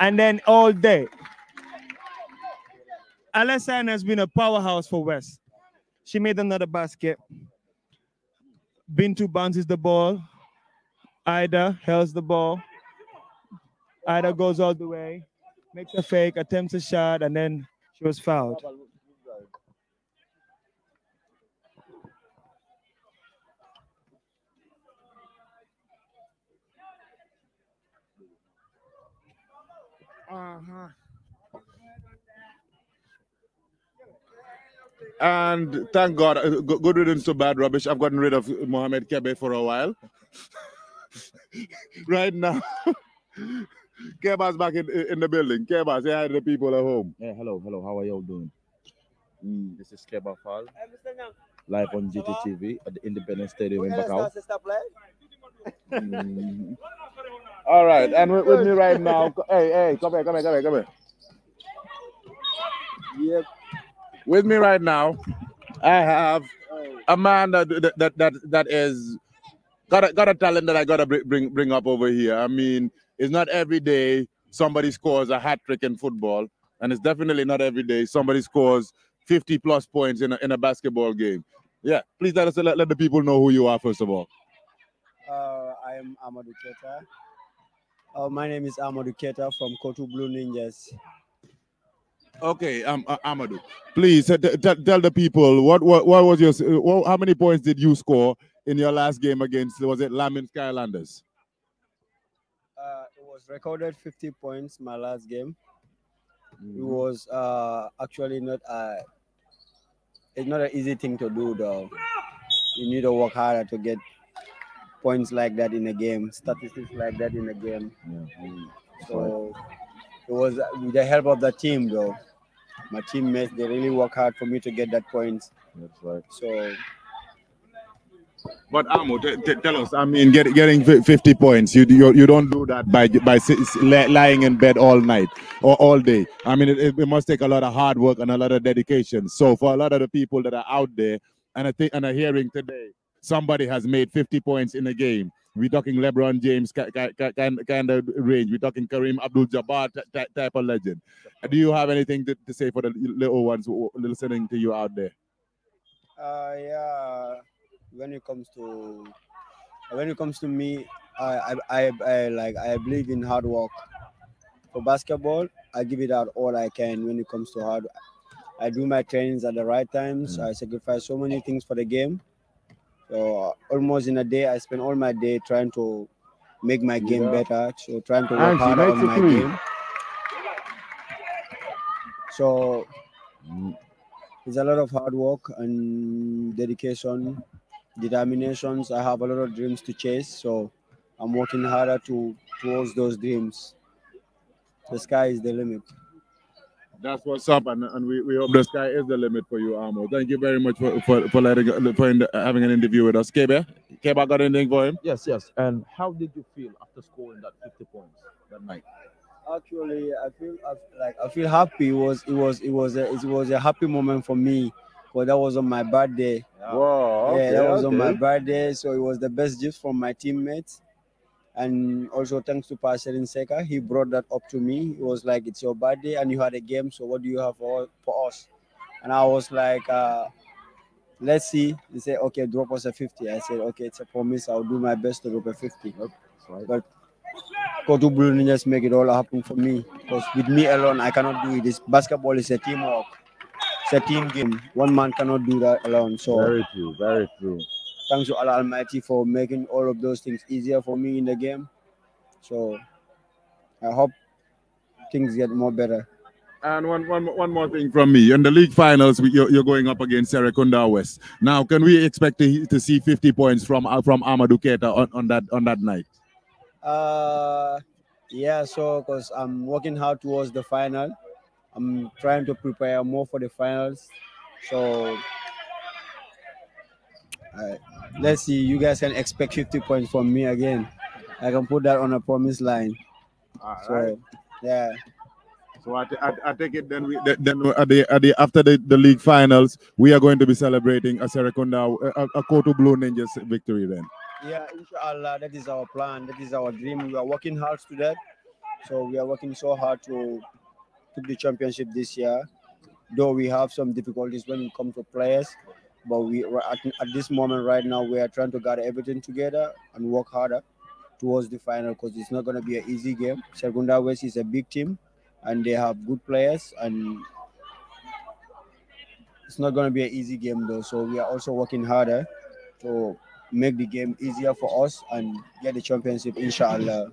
And then all day, Alessandra has been a powerhouse for West. She made another basket. Bintu bounces the ball. Ida hails the ball. Ida goes all the way, makes a fake, attempts a shot, and then she was fouled. Uh-huh. And thank God, uh, good riddance to bad rubbish. I've gotten rid of Mohamed Kebe for a while. right now, Keba's back in, in the building. Keba, say hi to the people at home. Yeah, hello, hello. How are y'all doing? Mm, this is Keba Fall, live on GTTV at the Independence Stadium in Bacau. mm. All right, and with, with me right now, hey, hey, come here, come here, come here, come here. Yep. With me right now, I have a man that that that, that is got a, got a talent that I gotta bring bring up over here. I mean, it's not every day somebody scores a hat trick in football, and it's definitely not every day somebody scores 50 plus points in a, in a basketball game. Yeah, please let us let, let the people know who you are first of all. Uh, I am Amadou Keta. Uh, my name is Amadou Keta from Kotu Blue Ninjas. Okay, um, uh, Amadou, please uh, t- t- tell the people what, what what was your uh, what, how many points did you score in your last game against was it Lamin Skylanders? Uh, it was recorded 50 points my last game. Mm-hmm. It was uh, actually not a it's not an easy thing to do though. You need to work harder to get points like that in a game, statistics like that in a game. Mm-hmm. So it was with the help of the team though my teammates, they really work hard for me to get that point. That's right. So. But Amo, tell us. I mean, get, getting 50 points, you, you you don't do that by by lying in bed all night or all day. I mean, it, it must take a lot of hard work and a lot of dedication. So for a lot of the people that are out there and I think and are hearing today, somebody has made 50 points in a game we're talking LeBron James kind of range. We're talking Kareem Abdul-Jabbar type of legend. Do you have anything to, to say for the little ones listening to you out there? Uh, yeah, when it comes to when it comes to me, I, I, I, I like I believe in hard work. For basketball, I give it out all I can when it comes to hard. I do my trainings at the right times. Mm. I sacrifice so many things for the game. So uh, almost in a day, I spend all my day trying to make my game yeah. better, so trying to work harder on my game. So it's a lot of hard work and dedication, determinations. I have a lot of dreams to chase, so I'm working harder to towards those dreams. The sky is the limit. That's what's up, and, and we, we hope the sky is the limit for you, Amo. Thank you very much for for, for, letting, for in, having an interview with us. Keba, Keba got anything for him? Yes, yes. And how did you feel after scoring that 50 points that night? Actually, I feel like I feel happy. It was it was it was a, it was a happy moment for me, because that was on my birthday. Wow. Okay, yeah, that was okay. on my birthday, so it was the best gift from my teammates. And also thanks to Pastor Inseka, he brought that up to me. He was like, "It's your birthday, and you had a game. So what do you have for for us?" And I was like, uh, "Let's see." He said, "Okay, drop us a 50. I said, "Okay, it's a promise. I'll do my best to drop a 50." Okay. Right. But God will just make it all happen for me because with me alone, I cannot do it. This basketball is a teamwork. It's a team game. One man cannot do that alone. So very true. Very true thanks to Allah Almighty for making all of those things easier for me in the game. So I hope things get more better. And one, one, one more thing from me. In the league finals, we, you're, you're, going up against Serekunda West. Now, can we expect to, to see 50 points from uh, from Amadou Keita on, on that on that night? Uh, yeah. So, because I'm working hard towards the final, I'm trying to prepare more for the finals. So right. Let's see. You guys can expect 50 points from me again. I can put that on a promise line. All so, right. Yeah. So I, I, I, take it then we then at the, at the after the, the league finals we are going to be celebrating a Serekunda a, a Koto Blue Ninjas victory then. Yeah, inshallah, that is our plan. That is our dream. We are working hard to that. So we are working so hard to keep the championship this year. Though we have some difficulties when it comes to players, but we at, at this moment right now we are trying to gather everything together and work harder towards the final because it's not going to be an easy game. Segunda West is a big team and they have good players and it's not going to be an easy game though. So we are also working harder to make the game easier for us and get the championship, inshallah.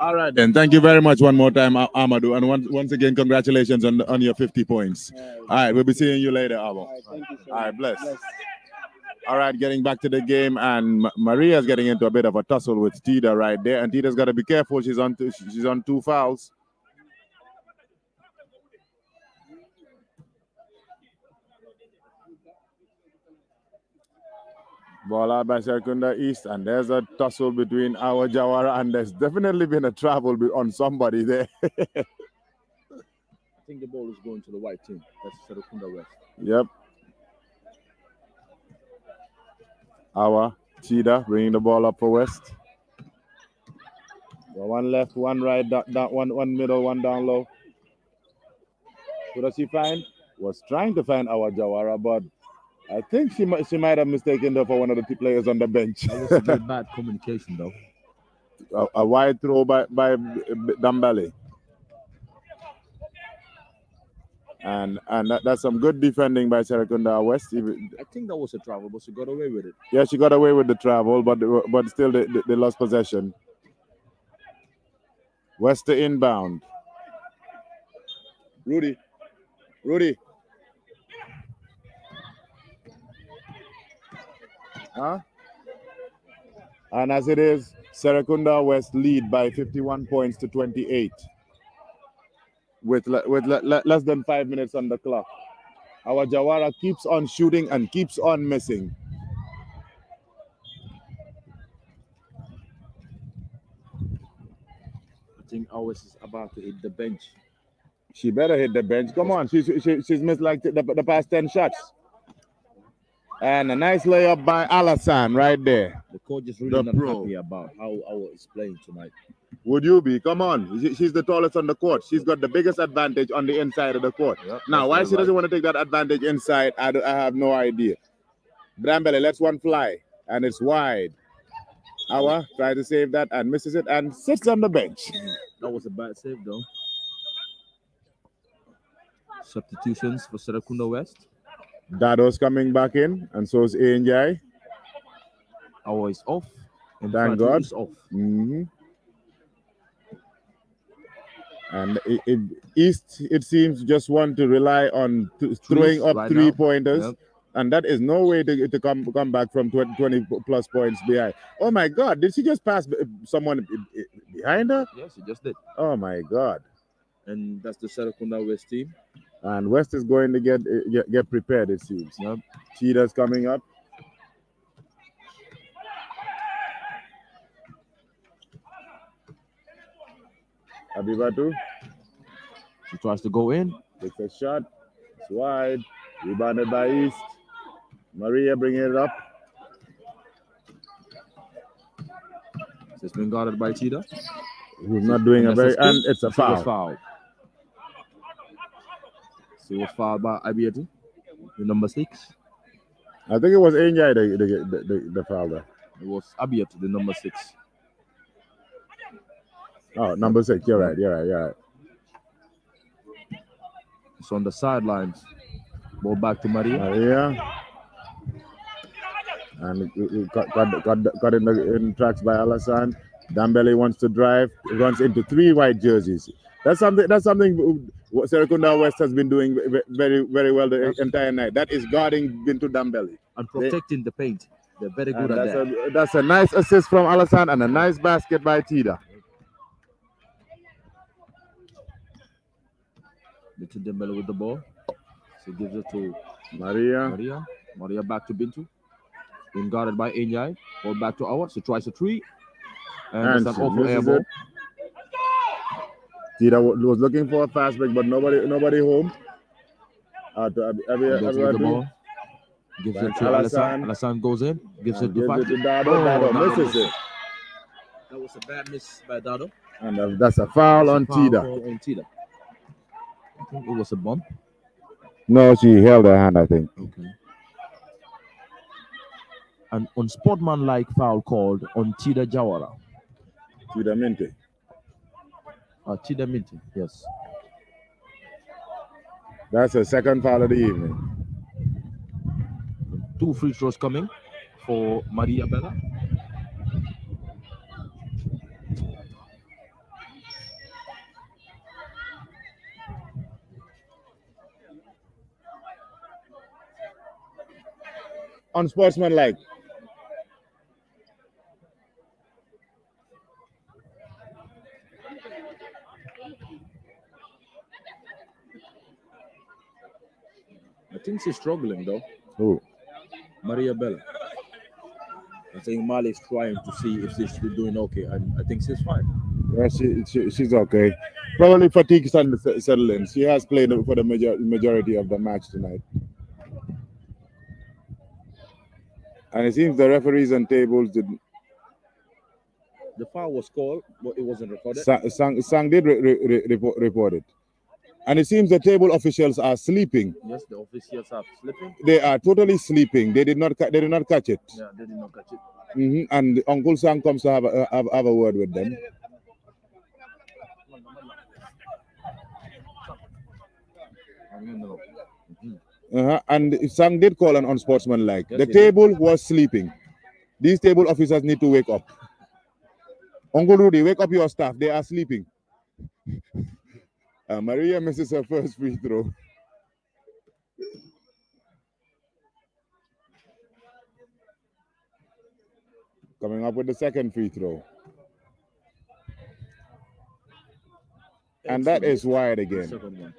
All right, then. Thank you very much one more time, Amadou. And once, once again, congratulations on, on your 50 points. All right, All right we'll be seeing you later, Abo. All right, thank you All right bless. bless. All right, getting back to the game, and Maria's getting into a bit of a tussle with Tita right there. And Tita's got to be careful. She's on two, she's on two fouls. by Bashar East, and there's a tussle between our Jawara, and there's definitely been a travel on somebody there. I think the ball is going to the white team. That's Serukunda West. Yep. Our Tida bringing the ball up for West. Well, one left, one right, that, that one, one middle, one down low. What does he find? Was trying to find our Jawara, but I think she might she might have mistaken her for one of the players on the bench. That was a bad communication though. A, a, wide throw by by Dambale. And and that, that's some good defending by Serekunda West. I think that was a travel, but she got away with it. Yeah, she got away with the travel, but but still they, they lost possession. West to inbound. Rudy, Rudy, Huh? And as it is, Serekunda West lead by 51 points to 28 with, le with le le less than five minutes on the clock. Our Jawara keeps on shooting and keeps on missing. I think Owis is about to hit the bench. She better hit the bench. Come on, she's she, she's missed like the, the past 10 shots. And a nice layup by Alassane right there. The coach is really the not pro. happy about how our is playing tonight. Would you be? Come on. She's the tallest on the court. She's got the biggest advantage on the inside of the court. Yep, now, why she doesn't want to take that advantage inside, I, I have no idea. Brambele lets one fly, and it's wide. Awa tries to save that and misses it and sits on the bench. That was a bad save, though. Substitutions for Serakunda West. Dado's coming back in, and so is ANJ. Our is off. And Thank God. Is off. Mm-hmm. And it, it, East, it seems, just want to rely on throwing up right three now. pointers. Yep. And that is no way to, to come come back from 20, plus points behind. Oh my God, did she just pass someone behind her? Yes, she just did. Oh my God. And that's the Sarakunda West team. And West is going to get eh, get, get prepared, it seems. You Cheetah's coming up. Abibatu. She tries to go in. Takes a shot. It's wide. Rebounded by East. Maria bringing it up. It's been guarded by Cheetah. Who's not doing a very, and it's a foul. It's a foul. It was father by the number six. I think it was Enjai the the the, the, the It was Abiat, the number six. Oh, number six. You're right. You're right. You're right. It's on the sidelines. Ball back to Maria. Maria. Uh, and got, got, got, got in, the, in tracks by Alassane. Dambele wants to drive, runs into three white jerseys. That's something. That's something what Serekunda West has been doing very, very well the yes. entire night. That is guarding Bintu Dambelli. And protecting they, the paint. They're very good at that's that. A, that's a nice assist from Alassane and a nice basket by Tida. Bintu Dembele with the ball. She gives it to Maria. Maria. Maria back to Bintu. Being guarded by Enyai. Ball back to Awa. She tries a three. And, and it's an awful air ball. It. Tita was looking for a fast break, but nobody nobody home. Uh, to, uh, every, everybody. Ball. Gives it to Alassane. Alassane goes in. Gives it to Fati. Dado. Oh, Dado misses it. That was a bad miss by Dado. And uh, that's a foul, that's on, a foul Tita. on Tita. I think it was a bump. No, she held her hand, I think. Okay. An unsportsmanlike foul called on Tida Jawara. Tida uh, Chida meeting, yes. That's the second foul of the evening. Two free throws coming for Maria Bella. Unsportsmanlike. think she's struggling though. Who? Maria Bella. I think Mali's trying to see if she's doing okay. I, I think she's fine. Yeah, she, she, she's okay. Probably fatigue starting to settle in. She has played for the major, majority of the match tonight. And it seems the referees and tables did. The foul was called, but it wasn't recorded. Sang, Sang, Sang did re, re, re, report, report it. And it seems the table officials are sleeping. Yes, the officials are sleeping. They are totally sleeping. They did not. They did not catch it. Yeah, they did not catch it. Mm -hmm. And Uncle Sam comes to have a, have, have a word with them. Uh -huh. And Sang did call an unsportsmanlike. Yes, the table did. was sleeping. These table officers need to wake up. Uncle Rudy, wake up your staff. They are sleeping. Uh, Maria misses her first free throw. Coming up with the second free throw. And that is wide again.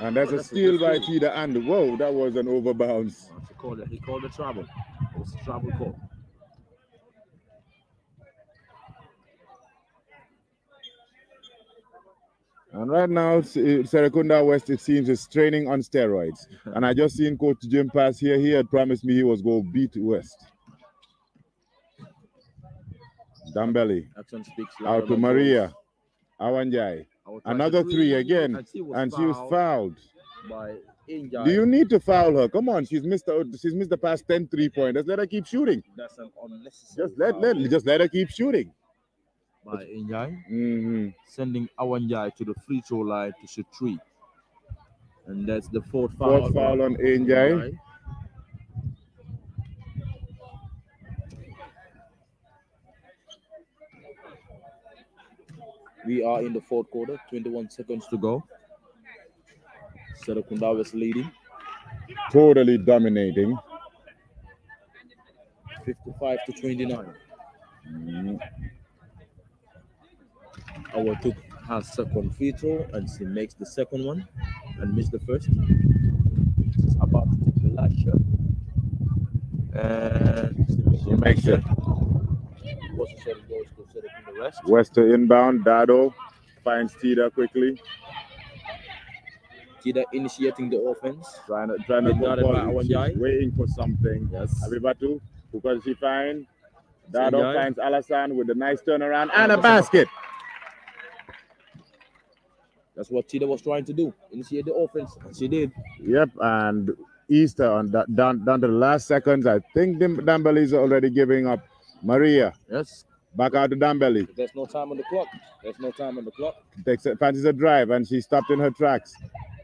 And that's well, a steal by Peter. and whoa, that was an overbounce. He called it, he called it travel. It was a travel call. And right now, uh, Serekunda West, it seems, is training on steroids. and I just seen Coach Jim pass here. He had promised me he was going to beat West. Dambelli. Out to Maria. Awanjai. Another three again, and she was, fouled. By Injai. Do you need to foul her? Come on, she's missed. The, she's missed the past 10 three pointers. Let her keep shooting. That's an unnecessary. Just let let just let her keep shooting. By Injai, mm -hmm. sending Awanjai to the free throw line to shoot three, and that's the fourth foul. Fourth foul on Injai. Injai. We are in the fourth quarter, 21 seconds to go. Serakunda is leading. Totally dominating. 55 to 29. Mm. Our took has second free throw and she makes the second one and missed the first. It's about the last shot. And she, she makes it. it. West. West to inbound. Dado finds Tida quickly. Tida initiating the offense. Trying to, trying to go waiting for something. Yes. Abibatu, because she find? Dado finds Alassane with a nice turnaround and a basket. That's what Tida was trying to do, initiate the offense, and she did. Yep, and Easter on that, down down to the last seconds. I think Dembele is already giving up. Maria. Yes, Back out to Dambelli. There's no time on the clock. There's no time on the clock. Takes a, fancies a drive and she stopped in her tracks.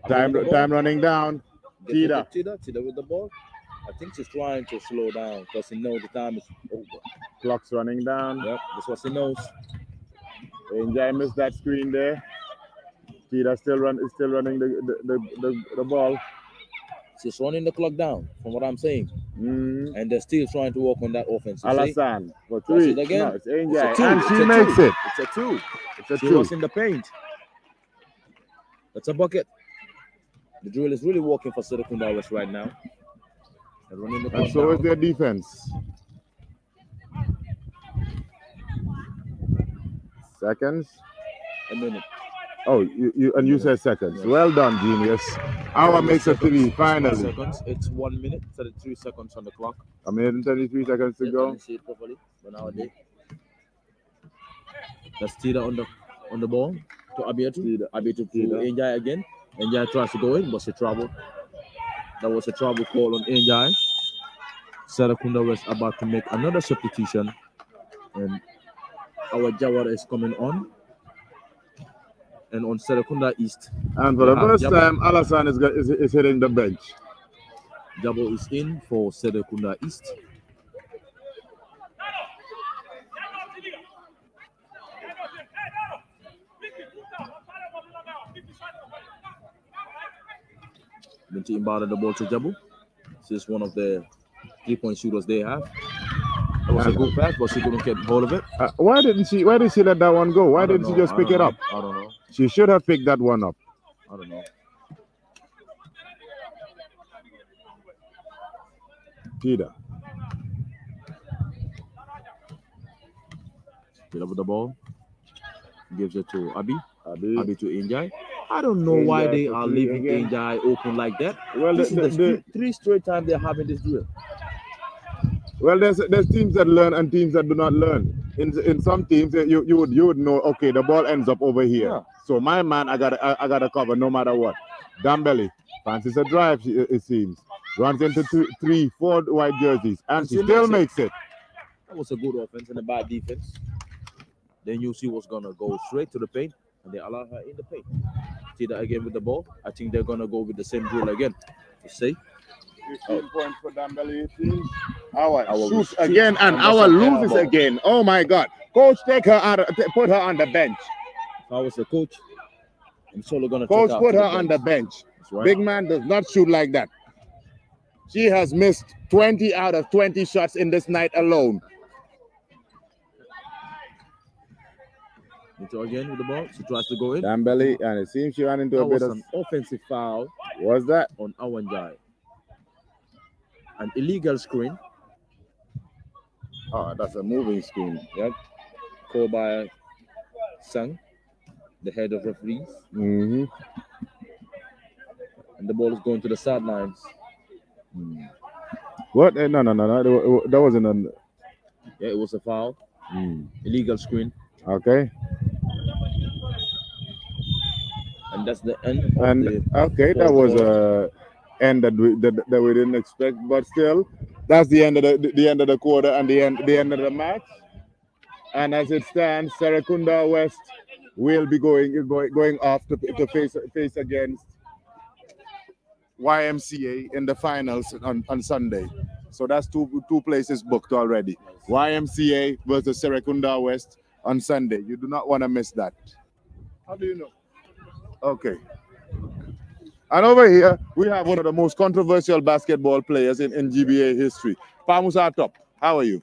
Time time running down. Tida. Tida. Tida with the ball. I think she's trying to slow down because she knows the time is over. Clock's running down. Yep, that's what she knows. Enjoy missed that screen there. Tida still run is still running the the, the, the, the ball. She's running the clock down, from what I'm saying. Mm. And they're still trying to work on that offense. Alassane for three. It again. No, it's, it's a two. And she it's makes two. it. It's a two. It's a she two. was in the paint. That's a bucket. The drill is really working for Sedekundawas right now. They're running the clock and so down. is their defense. Seconds. A minute. Oh, you, you and you said seconds. Well done, genius. Hour makes a three, finally. Seconds. It's one minute, 33 seconds on the clock. A minute and 33 seconds to yeah, go. See it properly, but now The That's Tida on the on the ball to Abiatu. Tida. Abiatu to Njai again. Njai tries to go in, but she trouble. That was a trouble call on Njai. Sarakunda was about to make another substitution. And our Jawara is coming on and on Serekunda East. And for the first time, Alassane is, is, is hitting the bench. Jabo is in for Serekunda East. Binti Imbada the ball to Jabu. This is one of the three-point shooters they have. That was a good pass, but she couldn't get hold of it. Uh, why didn't she? Why did she let that one go? Why didn't know, she just pick know. it up? I don't know. She should have picked that one up. I don't know. Peter. Peter with the ball. Gives it to Abi. Abi, to Injai. I don't know Injai why they are leaving again. Injai open like that. Well, this the, is the, the, three straight time they're having this drill. Well, there's there's teams that learn and teams that do not learn. In in some teams, you you would you would know. Okay, the ball ends up over here. Yeah. So my man, I got I, I got to cover no matter what. Dambelli fancies a drive, it seems. Runs into two, three, four white jerseys, and still makes it. That was a good offense and a bad defense. Then you see what's gonna go straight to the paint, and they allow her in the paint. See that again with the ball. I think they're gonna go with the same drill again. You see. 15 oh. points for Dambelli. Our, our shoots again and our loses again. Oh my God! Coach, take her out. Put her on the bench. I was the coach, I'm surely going to coach put her the on the bench. Right. Big man does not shoot like that. She has missed 20 out of 20 shots in this night alone. Into again with the ball. She tries to go in. Dambelli, and it seems she ran into that a bit of an offensive foul. Was that on Awanjai? An illegal screen. Oh, that's a moving screen. Yep. Called by Sang the head of referees. Mm-hmm. And the ball is going to the sidelines. Mm. What? Eh, no, no, no, no. That wasn't an. Yeah, it was a foul. Mm. Illegal screen. Okay. And that's the end. And the okay, that was a end that we that, that we didn't expect, but still, that's the end of the the end of the quarter and the end the end of the match. And as it stands, Serakunda West will be going going going off to, to face face against YMCA in the finals on, on Sunday. So that's two two places booked already. YMCA versus Serekunda West on Sunday. You do not want to miss that. How do you know? Okay. And over here, we have one of the most controversial basketball players in, in GBA history. Pamusa Top, how are you?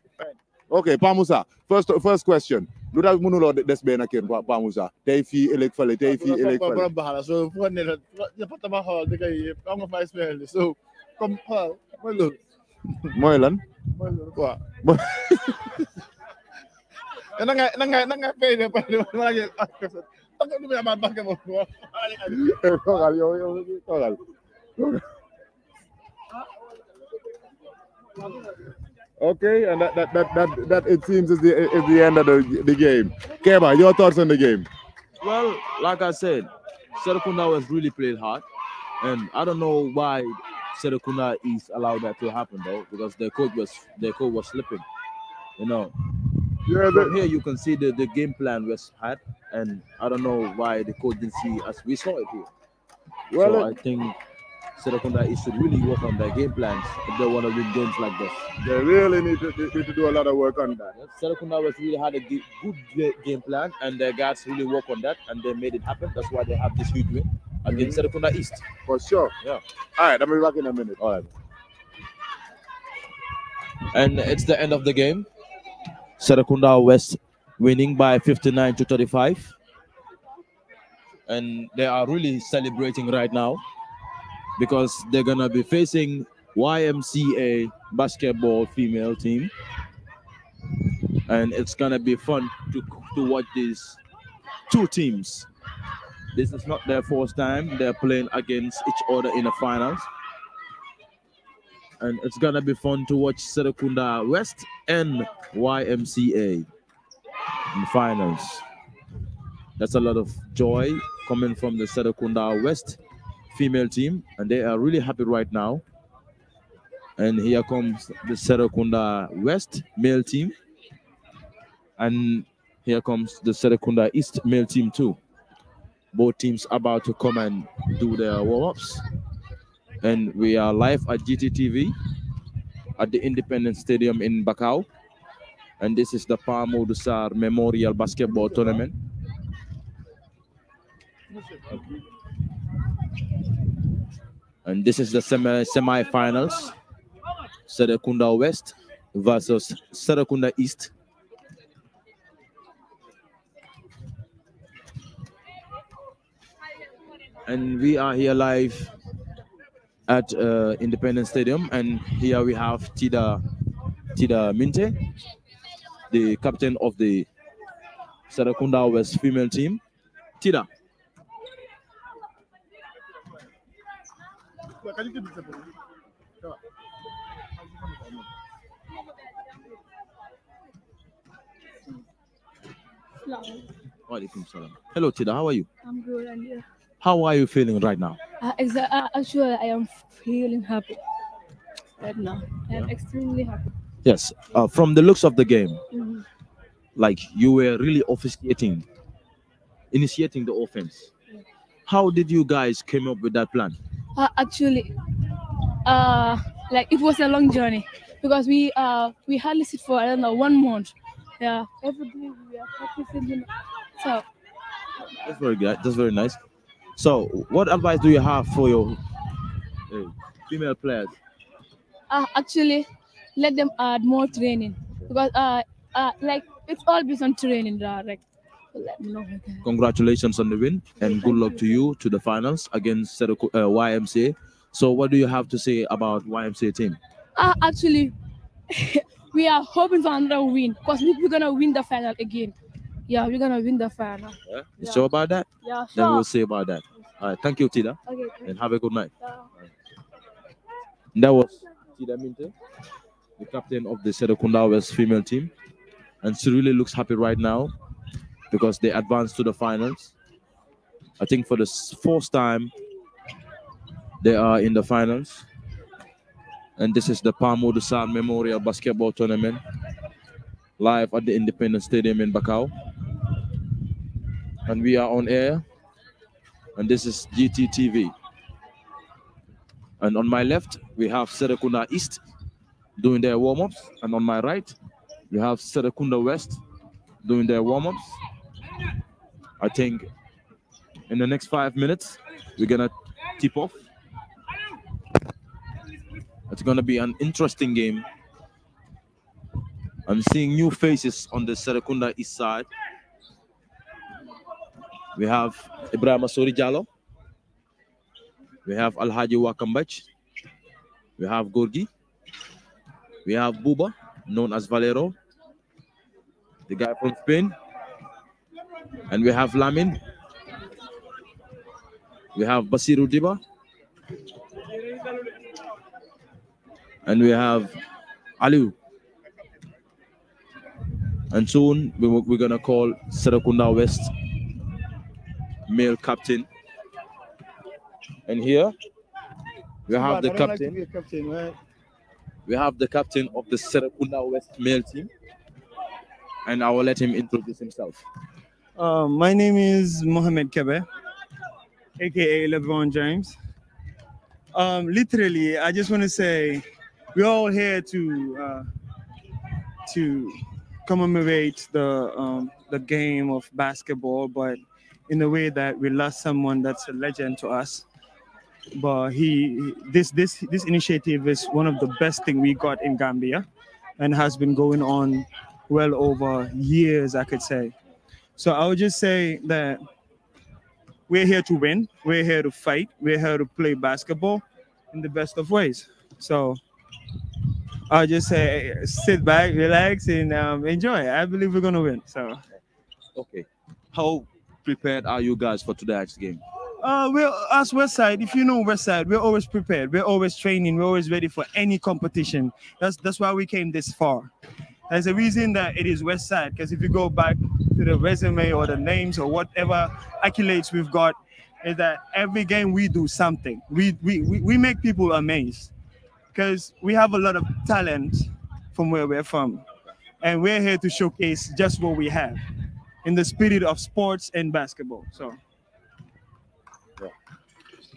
Okay, Pamusa, first, first question. lu tax mënuloo des benn kër Pa Moussa tey fii ëllëg fële tey fii ëllëg fële borom baax la so fu ko ne dafa tabax xool di nga fa espérer nga na nga na nga fay Okay, and that that that that, that it seems is the is the end of the, the game. Keba, your thoughts on the game? Well, like I said, Serikunda was really played hard, and I don't know why Serikunda is allowed that to happen though, because their coach was their coach was slipping. You know, yeah, but... here you can see the, the game plan was had, and I don't know why the coach didn't see as we saw it here. Well, so it... I think Serekunda it should really work on their game plans if they want to win games like this. They really need to, need to do a lot of work on that. Yes, Serekunda was really had a good game plan, and the guards really work on that, and they made it happen. That's why they have this huge win against mm -hmm. Serekunda East. For sure. Yeah. All right, I'll be back in a minute. All right. And it's the end of the game. Serekunda West winning by 59 to 35. And they are really celebrating right now because they're gonna be facing YMCA basketball female team, and it's gonna be fun to to watch these two teams. This is not their first time they're playing against each other in the finals, and it's gonna be fun to watch Serekunda West and YMCA in finals. That's a lot of joy coming from the Serekunda West female team, and they are really happy right now. And here comes the Serekunda West male team. And here comes the Serekunda East male team too. Both teams about to come and do their warm-ups. And we are live at GTTV at the Independence Stadium in Bakau. And this is the Palmo Dussar Memorial Basketball Tournament. And this is the semi semi-finals. Serekunda West versus Serekunda East. And we are here live at uh, Independence Stadium, and here we have Tida Tida Minte, the captain of the Sarakunda West female team. Tida, Hello, Tida. How are you? I'm good. And you? How are you feeling right now? Uh, exa- uh, uh, actually, I am feeling happy right now. I am extremely happy. Yes. Uh, from the looks of the game, mm -hmm. like you were really officiating, initiating the offense. Yeah. How did you guys came up with that plan? Uh, actually, uh, like it was a long journey because we uh, we hardly sit for I don't know one month. Yeah, every day we are practicing. You know. So that's very good. That's very nice. So, what advice do you have for your uh, female players? Uh, actually, let them add more training because uh, uh, like it's all based on training, right? Congratulations on the win and good luck to you to the finals against uh, YMCA. So, what do you have to say about YMCA team? Uh, actually, we are hoping for another win because we're gonna win the final again. Yeah, we're gonna win the final. Yeah, you yeah. sure about that? Yeah, sure. Then we'll see about that. All right, thank you, Tida. Okay, and have a good night. Yeah. That was Tida Minte, the captain of the Sedokunda West female team, and she really looks happy right now because they advanced to the finals. I think for the fourth time, they are in the finals. And this is the Palmo Dusan Memorial Basketball Tournament, live at the Independence Stadium in Bacau. And we are on air, and this is GTTV. And on my left, we have Serekunda East doing their warm ups, and on my right, we have Serekunda West doing their warm ups. I think in the next five minutes, we're going to tip off. It's going to be an interesting game. I'm seeing new faces on the Serekunda East side. We have Ibrahim Asori Jalo. We have Alhaji Wakambach. We have Gorgi. We have Buba, known as Valero. The guy from Spain. And we have Lamin. We have Basiru Diba. And we have Aliu. And soon we, we're going to call Serakunda West male captain. And here we have the captain. Like captain right? We have the captain of the Serakunda West male team. And I will let him introduce himself. Uh, my name is Mohamed Kebe, aka LeBron James. Um, literally, I just want to say we're all here to uh, to commemorate the um, the game of basketball, but in a way that we lost someone that's a legend to us. But he this this this initiative is one of the best thing we got in Gambia, and has been going on well over years, I could say. So I would just say that we're here to win. We're here to fight. We're here to play basketball in the best of ways. So I'll just say sit back, relax, and um, enjoy. I believe we're gonna win. So okay, how prepared are you guys for today's game? Uh, we're West Westside. If you know Westside, we're always prepared. We're always training. We're always ready for any competition. That's that's why we came this far. There's a reason that it is West Side, because if you go back to the resume or the names or whatever accolades we've got, is that every game we do something. We we we, we make people amazed because we have a lot of talent from where we're from. And we're here to showcase just what we have in the spirit of sports and basketball. So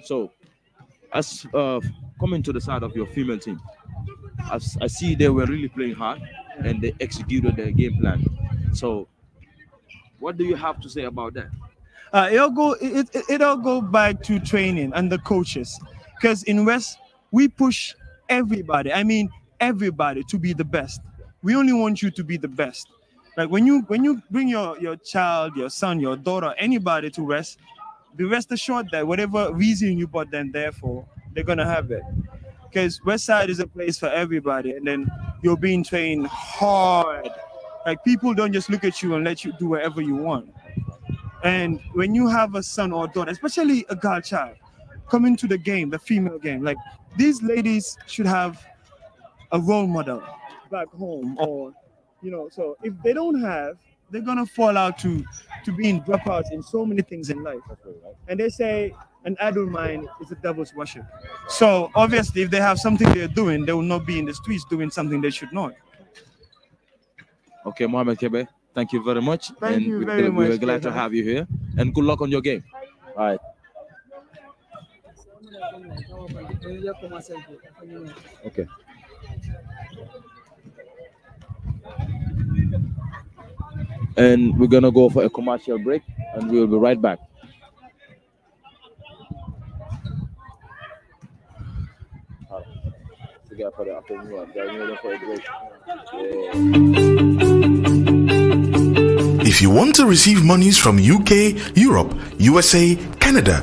so as uh, coming to the side of your female team, I, I see they were really playing hard and they executed their game plan. So, what do you have to say about that? Uh, it'll go. It, it, it'll go back to training and the coaches, because in West we push everybody. I mean everybody to be the best. We only want you to be the best. Like when you when you bring your your child, your son, your daughter, anybody to West, be rest assured that whatever reason you brought them there for, they're gonna have it because West Side is a place for everybody, and then you're being trained hard. Like people don't just look at you and let you do whatever you want. And when you have a son or daughter, especially a girl child, coming to the game, the female game, like these ladies should have a role model back home, or you know. So if they don't have they're gonna fall out to to being dropouts in so many things in life. And they say an idle mind is a devil's worship. So obviously, if they have something they're doing, they will not be in the streets doing something they should not. Okay, Mohammed Kebe, thank you very much. Thank and you very we, much. We're glad to have you here, and good luck on your game. All right. Okay and we're gonna go for a commercial break and we'll be right back if you want to receive monies from UK, Europe, USA, Canada,